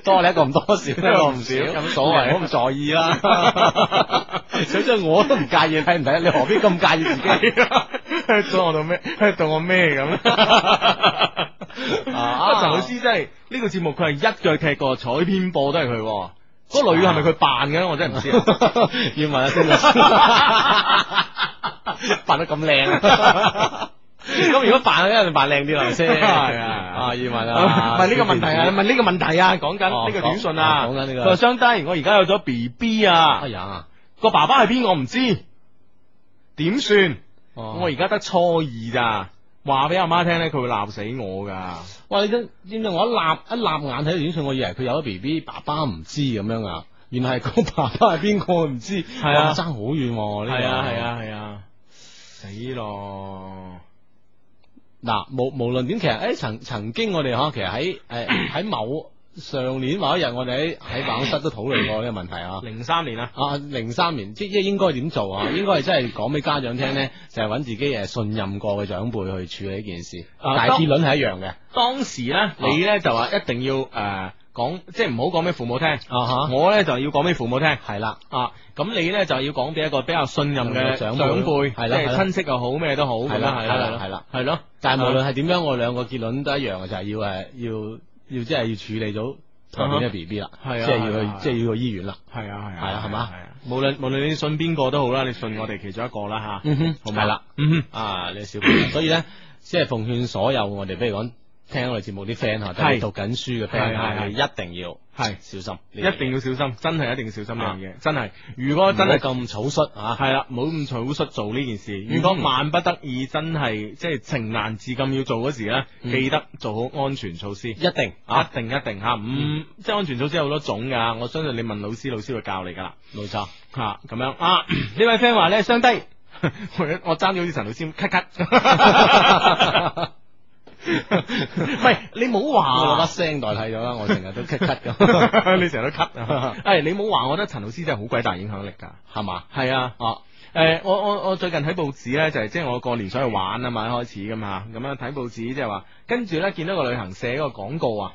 多你一個唔多少一個唔少，咁所謂？我唔在意啦。所以真係我都唔介意。睇唔睇？你何必咁介意自己？當我到咩？當我咩咁？啊，陳老師真係呢個節目，佢係一腳踢過，彩編播都係佢。嗰女係咪佢扮嘅？我真係唔知。葉文啊，真係扮得咁靚。咁如果扮，一定扮靚啲啦，先係啊。葉文啊，問呢個問題啊，你問呢個問題啊，講緊呢個短信啊，講緊呢個。相當，我而家有咗 B B 啊。哎呀，個爸爸係邊個？唔知。點算？哦、我而家得初二咋？話俾阿媽聽咧，佢會鬧死我噶。哇！你真知唔知我一立一眨眼睇到短信，我以為佢有咗 B B，爸爸唔知咁樣啊？原嚟係個爸爸係邊個唔知？係是啊，啊，爭好遠。係啊係啊係啊，死咯！嗱，無無論點，其實誒、欸、曾曾經我哋嗬，其實喺誒喺某。上年某一日，我哋喺喺辦公室都討論過呢個問題啊。零三年啊，零三年即係應該點做啊？應該係真係講俾家長聽咧，就係搵自己誒信任過嘅長輩去處理呢件事。大結論係一樣嘅。當時咧，你咧就話一定要誒講，即係唔好講俾父母聽。啊哈！我咧就要講俾父母聽。係啦。啊，咁你咧就要講俾一個比較信任嘅長輩，即係親戚又好，咩都好。係啦係啦係啦係啦，係咯。但係無論係點樣，我兩個結論都一樣嘅，就係要誒要。要即係要處理到旁邊嘅 B B 啦，uh huh. 即係要去，uh huh. 即係要去醫院啦。係啊係啊係啊，係嘛？無論無論你信邊個都好啦，你信我哋其中一個啦吓。嗯哼，好唔係啦。嗯哼，啊，你小， 所以咧，即係奉勸所有我哋，比如講。聽我哋節目啲 friend 嗬，係讀緊書嘅 friend 係一定要，係小心，一定要小心，真係一定要小心嘅，真係。如果真係咁草率吓，係啦，唔好咁草率做呢件事。如果萬不得已真係即係情難自禁要做嗰時咧，記得做好安全措施，一定，一定，一定吓。唔，即係安全措施有好多種噶，我相信你問老師，老師會教你噶啦，冇錯吓。咁樣啊，呢位 friend 話咧，降低，我我爭咗啲陳老師咳咳。唔係， 你冇話，我把聲代替咗啦。 我成日都咳咳咁， 你成日都咳。係你冇話，我覺得陳老師真係好鬼大影響力噶，係嘛吧？係啊，哦、啊，誒、欸，我我我最近睇報紙咧，就係即係我過年想去玩啊嘛，一開始咁吓，咁樣睇報紙即係話，跟住咧見到個旅行社嗰個廣告啊，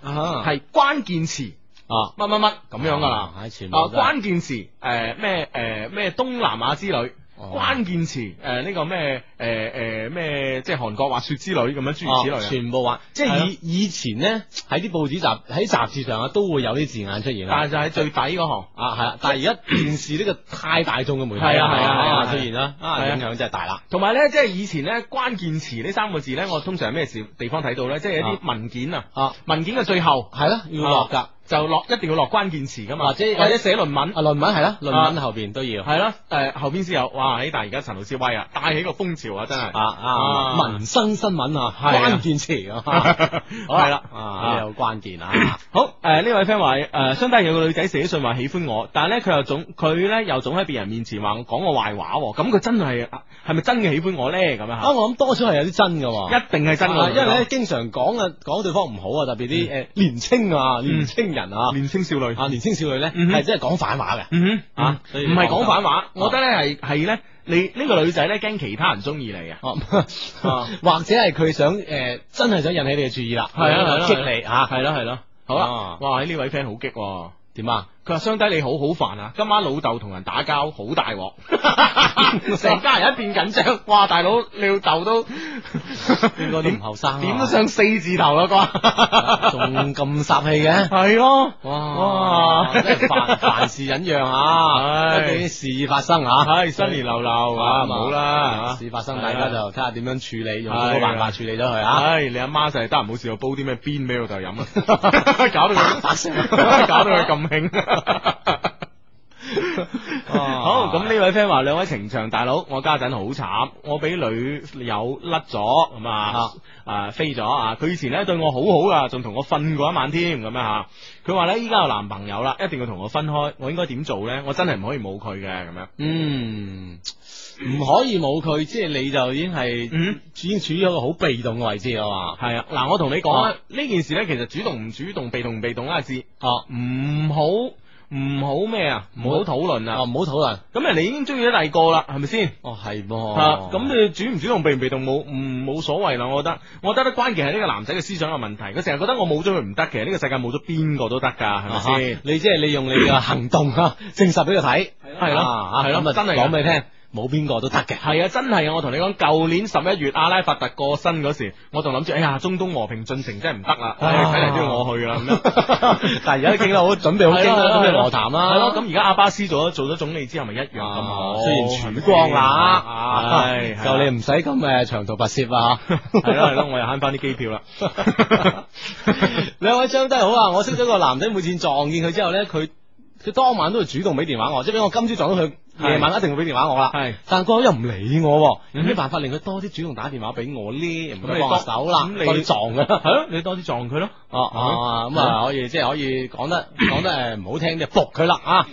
係關鍵詞啊乜乜乜咁樣噶啦，啊關鍵詞誒咩誒咩東南亞之旅。關鍵詞誒呢個咩誒誒咩即係韓國滑雪之旅咁樣諸如此類，全部話即係以以前咧喺啲報紙集喺雜誌上啊都會有啲字眼出現，但係就喺最底嗰行啊係啦，但係而家電視呢個太大眾嘅媒體係啊係啊出現啦，啊影響真係大啦。同埋咧即係以前咧關鍵詞呢三個字咧，我通常咩時地方睇到咧，即係一啲文件啊，文件嘅最後係咯要落噶。就落一定要落關鍵詞噶嘛，或者或者寫論文啊，論文係啦，論文後邊都要係啦，誒後邊先有哇！但係而家陳老師威啊，帶起個風潮啊，真係啊啊！民生新聞啊，關鍵詞啊，係啦，啊有關鍵啊，好誒呢位 friend 話誒，相當有個女仔寫信話喜歡我，但係咧佢又總佢咧又總喺別人面前話我講我壞話喎，咁佢真係係咪真嘅喜歡我咧？咁樣啊，我諗多少係有啲真嘅，一定係真嘅，因為咧經常講啊講對方唔好啊，特別啲誒年青啊年青人啊，年青少女啊，年青少女咧，係即係講反話嘅，嗯，啊，唔係講反話，我覺得咧係係咧，你呢個女仔咧驚其他人中意你嘅，或者係佢想誒，真係想引起你嘅注意啦，係啊，激你吓，係咯係咯，好啦，哇，呢位 friend 好激，點啊？佢話傷低你好，好煩啊！今晚老豆同人打交，好大鑊，成家人一片緊張。哇，大佬你老豆都變多啲唔後生，點都上四字頭啦，啩，仲咁煞氣嘅？係咯，哇，凡凡事忍讓吓，事發生吓，唉，新年流流啊，唔好啦，事發生大家就睇下點樣處理，用咩辦法處理咗佢啊？唉，你阿媽就係得閒冇事我煲啲咩邊俾老豆飲啊，搞到佢搞到佢咁興。 好，咁呢位 friend 話，兩位情場大佬，我家陣好慘，我俾女友甩咗咁啊，啊飛咗啊！佢以前咧對我好好噶，仲同我瞓過一晚添咁樣吓、啊。佢話咧依家有男朋友啦，一定要同我分開。我應該點做咧？我真係唔可以冇佢嘅咁樣。嗯，唔可以冇佢，即係你就已經係、嗯、已經處於一個好被動嘅位置啦嘛。係 啊，嗱，我同你講啦，呢件事咧其實主動唔主動、被動唔被動嘅事，哦、啊，唔好。唔好咩啊？唔行好討論啊！唔、哦、好討論。咁啊，你已經中意咗第二個啦，係咪先？哦，係喎。咁、啊、你主唔主動、被唔被動，冇唔冇所謂啦？我覺得，我覺得咧，關鍵係呢個男仔嘅思想有問題。佢成日覺得我冇咗佢唔得，其實呢個世界冇咗邊個都得噶，係咪先？你即係利用你嘅行動啊，證實俾佢睇，係咯、啊，係咯，咁真係講俾你聽。冇邊個都得嘅，係啊，真係啊！我同你講，舊年十一月阿拉法特過身嗰時，我仲諗住，哎呀，中東和平進程真係唔得啦，睇嚟、啊哎、都要我去啦咁。 但係而家傾得好， 準備好傾啦，咁咪和談啦。係咯，咁而家阿巴斯做咗做咗總理之後，咪一樣咯，啊、雖然全光牙啊，哎、就你唔使咁誒長途跋涉啊，係咯係咯，我又慳翻啲機票啦。兩 位張都係好啊！我識咗個男仔，每次撞見佢之後咧，佢。佢當晚都會主動俾電話我，即係俾我今朝撞到佢夜是晚，一定會俾電話我啦。係是，但係嗰又唔理我，有咩辦法令佢多啲主動打電話俾我咧？咁啊，手啦，你撞嘅係咯，你多啲撞佢咯。哦哦，咁、就是就是、啊，啊，啊，可以即係可以講得講得誒唔好聽就服佢啦啊！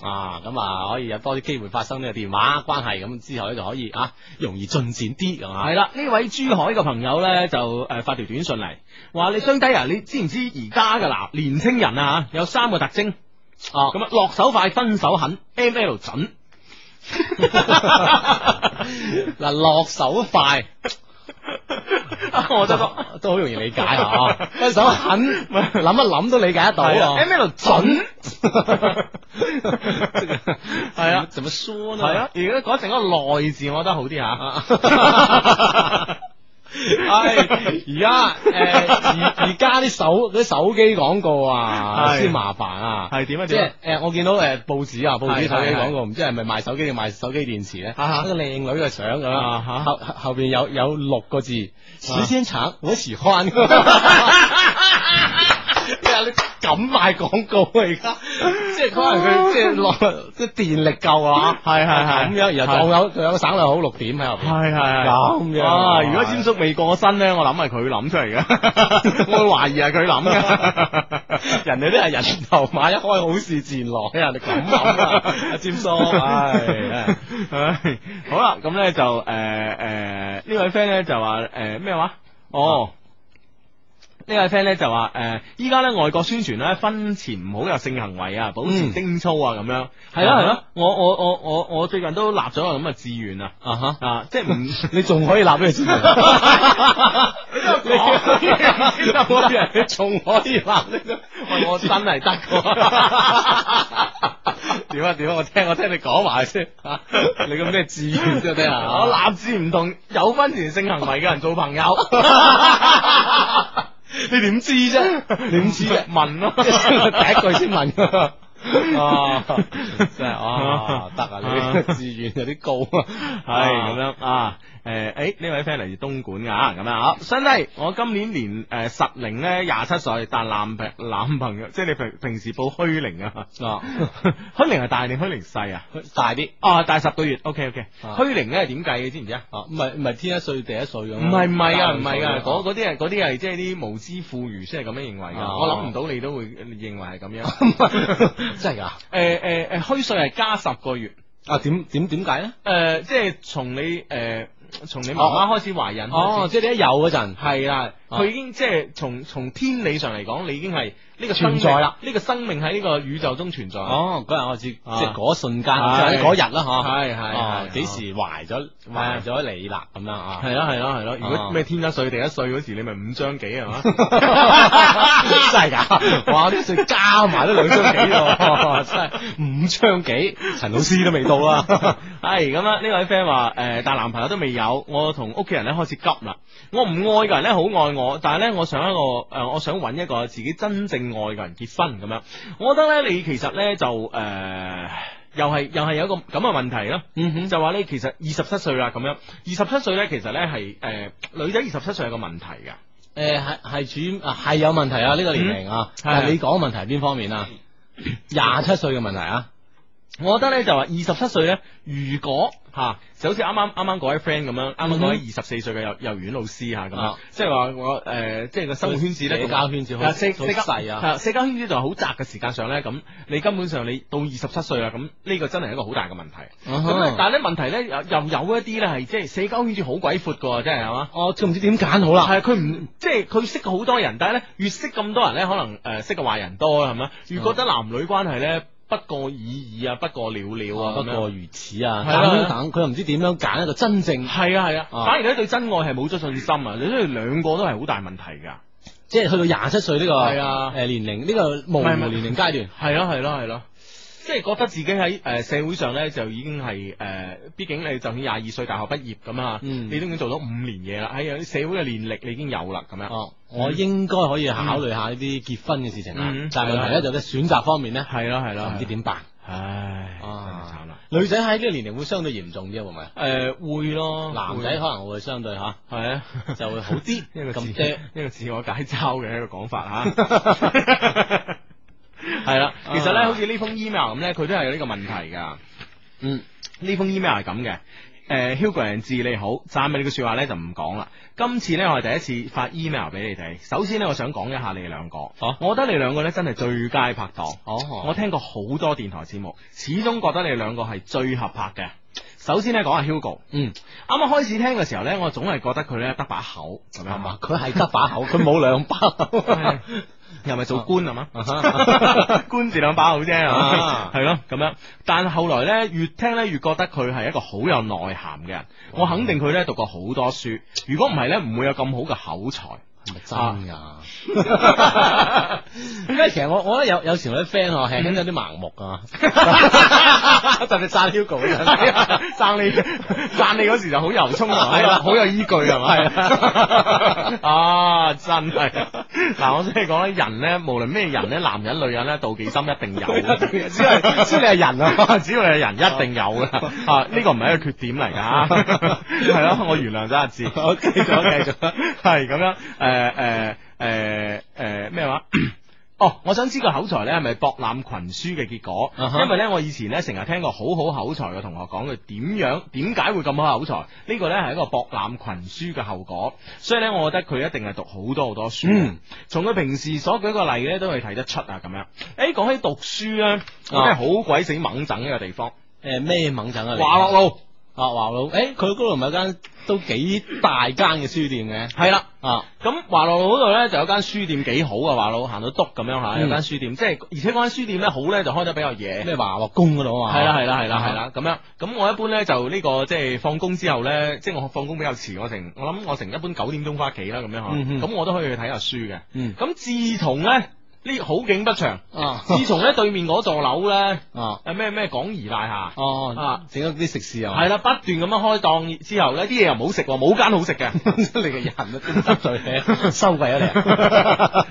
啊，咁啊可以有多啲機會發生呢個電話關係，咁之後咧就可以啊容易進展啲係嘛？係、啊、啦，呢位珠海嘅朋友咧就誒、啊、發條短信嚟話：你相低啊！你知唔知而家嘅啦年青人啊有三個特徵？哦，咁啊落手快，分手狠，M L 準。嗱，落手快，手 手快 我的都都好容易理解吓，分、啊、 手狠，諗 一諗都理解得到。啊、M L 準，係 啊，做乜係啊？如果改成個內字，我覺得好啲吓、啊。 唉，而家誒，而而家啲手啲手機廣告啊，先是麻煩啊，係點啊？即係誒、呃，我見到誒報紙啊，報紙手機廣告，唔知係咪賣手機定賣手機電池咧？啊、一個靚女嘅相咁樣，後後後邊有有六個字，史先橙，我喜歡。 啊、你敢買廣告啊？而家 即係可能佢即係落啲電力夠啊？係係係咁樣，然有仲有仲有省略號六點喺度。係係咁樣、啊。啊、的如果詹叔未過身咧，我諗係佢諗出嚟嘅。 我懷疑係佢諗嘅。 人哋都係人頭馬一開好事自然來，人哋咁諗啊，詹叔。唉、哎、唉， 好啦，咁咧就誒誒呢位 friend 咧就話誒咩話？哦。個呢個 friend 咧就話誒，依家咧外國宣傳咧婚前唔好有性行為啊，保持貞操啊，咁、嗯、樣係咯係咯。我我我我我最近都立咗個咁嘅志願啊、sí late, uh，啊吓啊，即係唔你仲可以立咩志願？你你立咩？仲可以立咩？我，可以我真係得噶。點啊點啊？我聽我聽你講埋先。你個咩志願先啊？我立志唔同有婚前性行為嘅人做朋友。你點知啫？點知啫？ 問咯， 第一句先問 啊。啊，真係啊，得啊，你啲志願有啲高，啊，係咁樣啊。誒、誒，呢位 friend 嚟自東莞嘅咁樣好，兄弟，我今年年誒實齡咧廿七歲，但男朋男朋友，即係你平平時報虛齡啊，哦，虛齡係大定虛齡細啊，大啲，啊，大十個月，ok ok，虛齡咧係點計嘅知唔知啊？哦，唔係唔係天一歲地一歲咁，唔係唔係啊，唔係啊，嗰啲係啲係即係啲無知富餘先係咁樣認為噶，我諗唔到你都會認為係咁樣，真係噶？誒誒誒，虛歲係加十個月，啊，點點點解咧？誒，即係從你誒。從你媽媽開始懷孕哦，始哦即係你一有嗰陣，係啦的，佢的已經即係從從天理上嚟講，你已經係。呢個存在啦，呢個生命喺呢個宇宙中存在。哦，嗰日我至即係嗰瞬間，就係嗰日啦嗬。係係，幾時懷咗懷咗你啦咁啦啊。係咯係咯係咯。如果咩天一歲地一歲嗰時，你咪五張幾係嘛？真係㗎！哇，啲歲加埋都兩張幾喎，真係五張幾。陳老師都未到啊。係咁啦，呢位 friend 話誒，但男朋友都未有，我同屋企人咧開始急啦。我唔愛嘅人咧好愛我，但係咧我想一個誒，我想揾一個自己真正。外國人結婚咁樣，我覺得咧，你其實咧就誒、呃，又係又係有一個咁嘅問題啦。嗯哼，就話咧，其實二十七歲啦，咁樣二十七歲咧，其實咧係誒，女仔二十七歲係個問題嘅。誒、呃，係係主要係有問題啊？呢個年齡啊，係、嗯、你講嘅問題係邊方面啊？廿七歲嘅問題啊，我覺得咧就話二十七歲咧，如果。吓，就好似啱啱啱啱嗰位 friend 咁樣，啱啱嗰位二十四歲嘅幼幼兒園老師吓咁，即係話我誒，即係個生活圈子咧，社交圈子個好細啊，社交圈子就係好窄嘅時間上咧，咁你根本上你到二十七歲啦，咁呢個真係一個好大嘅問題。咁、啊、哼但係咧問題咧又有一啲咧係即係社交圈子好鬼闊噶，真係，係嘛？我仲唔知點揀好啦。係佢唔即係佢識好多人，但係咧越識咁多人咧，可能誒識嘅壞人多係嘛？越覺得男女關係咧。不過而已啊，不過了了啊，啊不過如此啊，等唔佢又唔知點樣揀一個真正係啊係啊，啊反而咧對真愛係冇咗信心，啊、嗯。你都係兩個都係好大問題噶，即係去到廿七歲呢、呢個誒、啊呃、年齡呢、呢個模糊年，是年齡階段，係咯係咯係咯。即係覺得自己喺誒社會上咧，就已經係誒，畢竟你就算廿二歲大學畢業咁啊，你都已經做咗五年嘢啦，喺社會嘅年曆你已經有啦，咁樣。哦，我應該可以考慮下呢啲結婚嘅事情啦，但係問題咧就喺選擇方面咧，係咯係咯，唔知點辦。唉，慘啦！女仔喺呢個年齡會相對嚴重啲，會唔會？誒，會咯。男仔可能會相對吓，係啊，就會好啲。一個自我解嘲嘅一個講法吓。呢封 email 咁呢，佢都係有呢個問題噶。嗯，呢封 email 係咁嘅。誒，Hugo 同志你好，讚美你句說話呢就唔講啦。今次呢，我係第一次發 email 俾你哋。首先呢，我想講一下你哋兩個。我覺得你哋兩個呢真係最佳拍檔。啊啊、我聽過好多電台節目，始終覺得你哋兩個係最合拍嘅。首先呢，講下 Hugo。嗯，啱啱開始聽嘅時候呢，我總係覺得佢呢得把口咁樣嘛。佢係得把口，佢冇 兩把。 又咪做官啊？嘛，嗎 官字兩把好啫，係咯咁樣，但後來咧越聽咧越覺得佢係一個好有內涵嘅人。我肯定佢咧讀過好多書，如果唔係咧唔會有咁好嘅口才。咪讚呀！點解？其實我我覺得有有時我啲 friend 啊，係咁有啲盲目啊。特別讚 Hugo 啊，讚你你讚你嗰時就好油沖，係好有依據係嘛，啊，真係！嗱，我即係講咧，人咧，無論咩人咧，男人女人咧，妒忌心一定有，只要只要你係人啊，只要你係人，一定有噶，啊，呢個唔係一個缺點嚟噶，吓，係咯，我原諒咗阿志，我繼續繼續，係咁樣誒。誒誒誒誒咩話？哦，我想知個口才咧，係咪博覽群書嘅結果？Uh huh. 因為咧我以前咧成日聽過好好口才嘅同學講佢點樣，點解會咁好口才？呢、這個咧係一個博覽群書嘅後果，所以咧我覺得佢一定係讀好多好多書。嗯，從佢平時所舉個例咧都可以睇得出啊，咁樣。誒，講起讀書咧，我真係好鬼死猛整呢個地方。誒、呃，咩猛整啊？華樂路。啊華路，誒，佢嗰度唔係有間都幾大間嘅書店嘅？係啦，啊，咁華樂路嗰度咧就有間書店幾好啊，華路行到篤咁樣吓，有間書店，即係而且嗰間書店咧好咧就開得比較夜，咩華樂宮嗰度啊嘛，係啦係啦係啦係啦，咁樣，咁我一般咧就呢個即係放工之後咧，即係我放工比較遲，我成我諗我成一般九點鐘翻屋企啦，咁樣吓，咁我都可以去睇下書嘅，嗯，咁自從咧。呢好景不長，自從咧對面嗰座樓咧啊咩咩廣怡大廈哦，整咗啲食肆係嘛，係啦，不斷咁樣開檔之後咧，啲嘢又唔好食，冇間好食嘅，你嘅人啊得罪你，收皮啊你！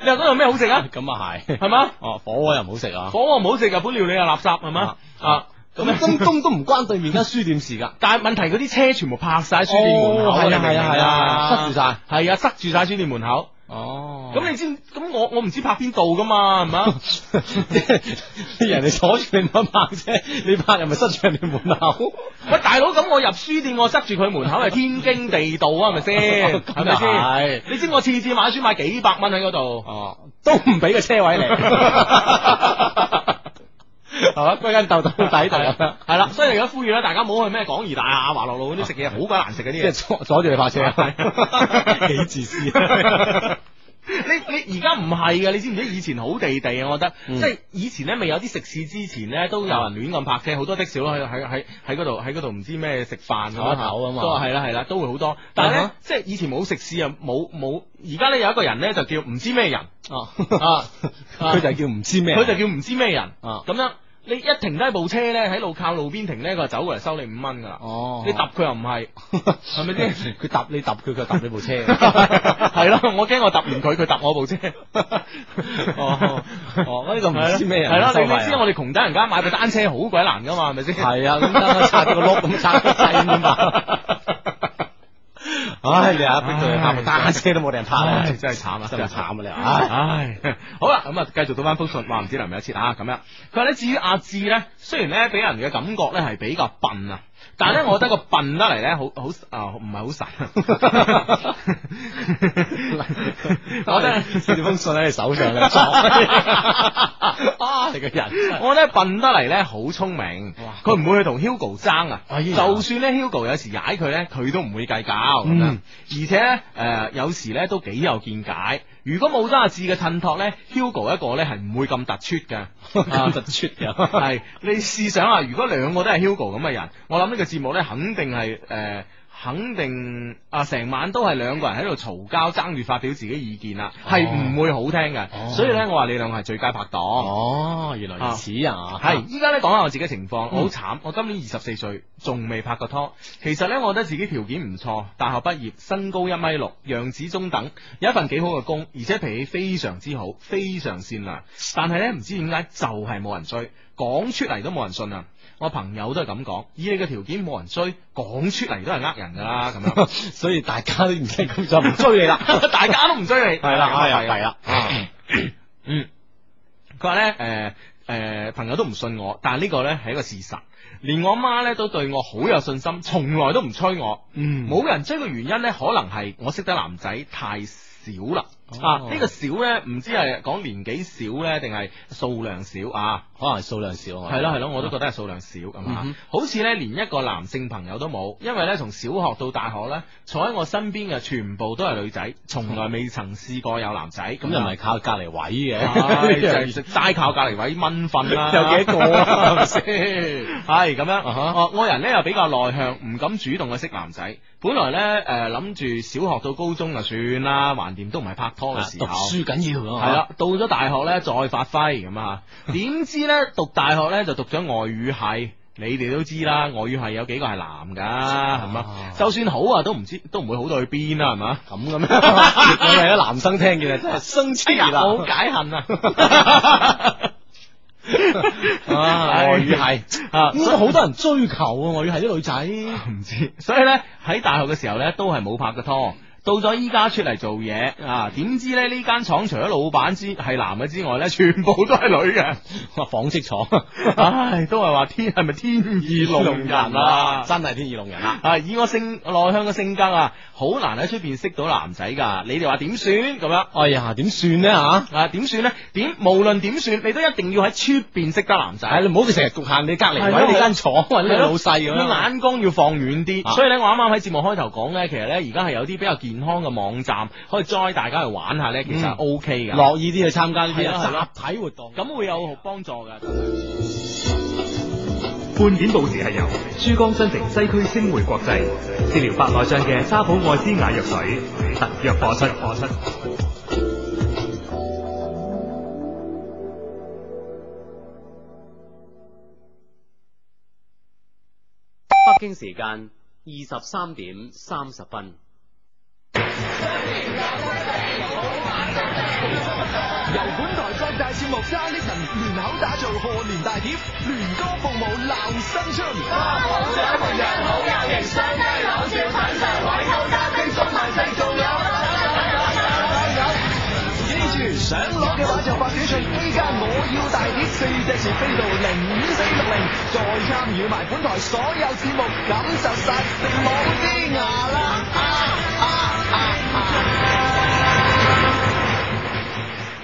你話嗰度咩好食啊？咁啊係，係嘛？哦，火鍋又唔好食啊，火鍋唔好食，日本料理又垃圾係嘛？啊，咁啊，東東都唔關對面間書店事噶，但係問題嗰啲車全部泊晒喺書店門口，係啊係啊，塞住晒，係啊塞住晒書店門口。哦，咁、oh. 你知咁我我唔知拍邊度噶嘛，係咪即人哋坐住你嗰拍啫，你拍又咪塞住人哋門口？喂， 大佬，咁我入書店我塞住佢門口係 天經地道啊，係咪先？係咪先？ 係你知我次次買書買幾百蚊喺嗰度，哦，oh. 都唔俾個車位你。 係嘛，歸根、啊、到，到底係啦， 所以而家呼籲咧，大家唔好去咩廣怡大廈、華樂路嗰啲食嘢，好鬼難食嘅啲。即阻住你泊車， 幾自私。 你你而家唔係噶，你知唔知？以前好地地啊，我覺得，嗯、即係以前咧，未有啲食肆之前咧，都有人亂咁泊車，好多的士咯，喺喺喺嗰度，喺度唔知咩食飯咁啊，口口嘛都係啦，係啦，都會好多。但係咧，uh huh. 即係以前冇食肆啊，冇冇。而家咧有一個人咧，就叫唔知咩人啊佢 就叫唔知咩，佢 就叫唔知咩人啊，咁、啊、樣。你一停低部車咧，喺路靠路邊停咧，佢就走過嚟收你五蚊噶啦。哦，你揼佢又唔係，係咪先？佢揼、欸、你揼佢，佢又揼你部車。係咯， 我驚我揼完佢，佢揼我部車。 哦，哦，呢個唔知咩人、啊。係咯，你知我哋窮等人家買部單車好鬼難噶、 嗯、嘛，係咪先？係啊，咁等下擦個碌，咁擦個掣吖嘛。唉，你啊逼到人打車都冇地人拍，呀真係慘啊！真係慘啊！你啊，唉，呀唉，好啦，咁啊，繼續到翻封信，話唔知嚟唔嚟一次啊？咁樣，佢話咧，至於阿志咧，雖然咧俾人嘅感覺咧係比較笨啊。但係咧，我覺得個笨得嚟咧，好好啊，唔係好神。我覺得封信喺你手上嚟咗。啊，你個人， 我覺得笨得嚟咧，好聰明。佢唔哇會去同 Hugo 爭啊，哎、呀就算咧 Hugo 有時踩佢咧，佢都唔會計較。嗯、而且咧，誒、呃，有時咧都幾有見解、解。如果冇咗阿志嘅襯托咧，Hugo 一個咧係唔會咁突出嘅， 突出嘅係 你試想啊，如果兩個都係 Hugo 咁嘅人，我諗呢個節目咧肯定係誒。呃肯定啊！成晚都係兩個人喺度嘈交， 爭住發表自己意見啦，係唔、哦、會好聽嘅。哦、所以呢，我話你兩個係最佳拍檔。哦，原來如此啊！係依家咧講下我自己情況，好慘、嗯，我今年二十四歲，仲未拍過拖。其實呢，我覺得自己條件唔錯，大學畢業，身高一米六，樣子中等，有一份幾好嘅工，而且脾氣非常之好，非常善良。但係呢，唔知點解就係冇人追，講出嚟都冇人信啊！我朋友都係咁講，以你嘅條件冇人追，講出嚟，都係呃人噶啦，咁樣， 所以大家都唔識咁就唔追你啦， 大家都唔追你，係啦，係啦、嗯，嗯，佢話呢，誒誒、嗯呃呃，朋友都唔信我，但係呢個呢係一個事實，連我媽呢都對我好有信心，從來都唔催我，嗯，冇人追嘅原因呢，可能係我識得男仔太少啦。啊！呢、呢個少呢，唔知係講年紀少呢，定係數量少啊？可能係數量少。係咯係咯，我都覺得係數量少，係嘛、啊？吧好似呢，連一個男性朋友都冇，因為呢，從小學到大學呢，坐喺我身邊嘅全部都係女仔，從來未曾試過有男仔。咁又唔係靠隔離位嘅、 哎，就食、是、齋靠隔離位蚊瞓啦、啊， 有幾多個先、啊？係咁 樣、uh huh. 啊。我人呢，又比較內向，唔敢主動去識男仔。本來呢，誒諗住小學到高中就算啦，橫掂都唔係拍。讀書緊要咯、啊，係啦， 到咗大學呢，再發揮咁啊！點 知呢？讀大學呢，就讀咗外語系，你哋都知啦，外語系有幾個係男㗎，係嘛？就算好都唔知，都唔會好到去邊啦，係嘛？咁嘅咩？咁係 男生聽見真係生之樂，哎、好解恨啊！ 啊外語系 啊，所以好多人追求啊外語系啲女仔，唔、啊、知。 所以呢，喺大學嘅時候呢，都係冇拍過，過拖。到咗依家出嚟做嘢啊！點知咧呢間廠除咗老闆之係男嘅之外咧，全部都係女嘅。我紡織廠，唉、哎，都係話天係咪天意弄人啊？真係天意弄人啊！人啊，啊，以我性內向嘅性格啊，好難喺出邊識到男仔噶。你哋話點算咁樣？哎呀，點算咧吓？啊，點算咧？點無論點算，你都一定要喺出邊識得男仔。唉，你唔好成日局限你隔離或者你間廠或者你的的老細咁眼光要放遠啲。啊、所以咧，我啱啱喺節目開頭講咧，其實咧，而家係有啲比較健康嘅網站可以 join 大家去玩下呢，其實 O K 嘅，樂意啲去參加呢啲啦，集體、啊啊、活動，咁會有幫助嘅。半點報時係由珠江新城西區星匯國際治療白內障嘅沙普愛滋眼藥水特約播出。播出。 北京時間二十三點三十分。新年好彩由本台各大節目嘉賓們聯口打造賀年大碟，聯歌服務鬧新春。花好酒好人好有型，山雞老少睇上，位高嘉賓送萬勝，仲有記住，想攞嘅話就發表出呢間我要大碟，四隻字飛到零五四六零，再參與埋本台所有節目，咁就殺定冇啲牙啦。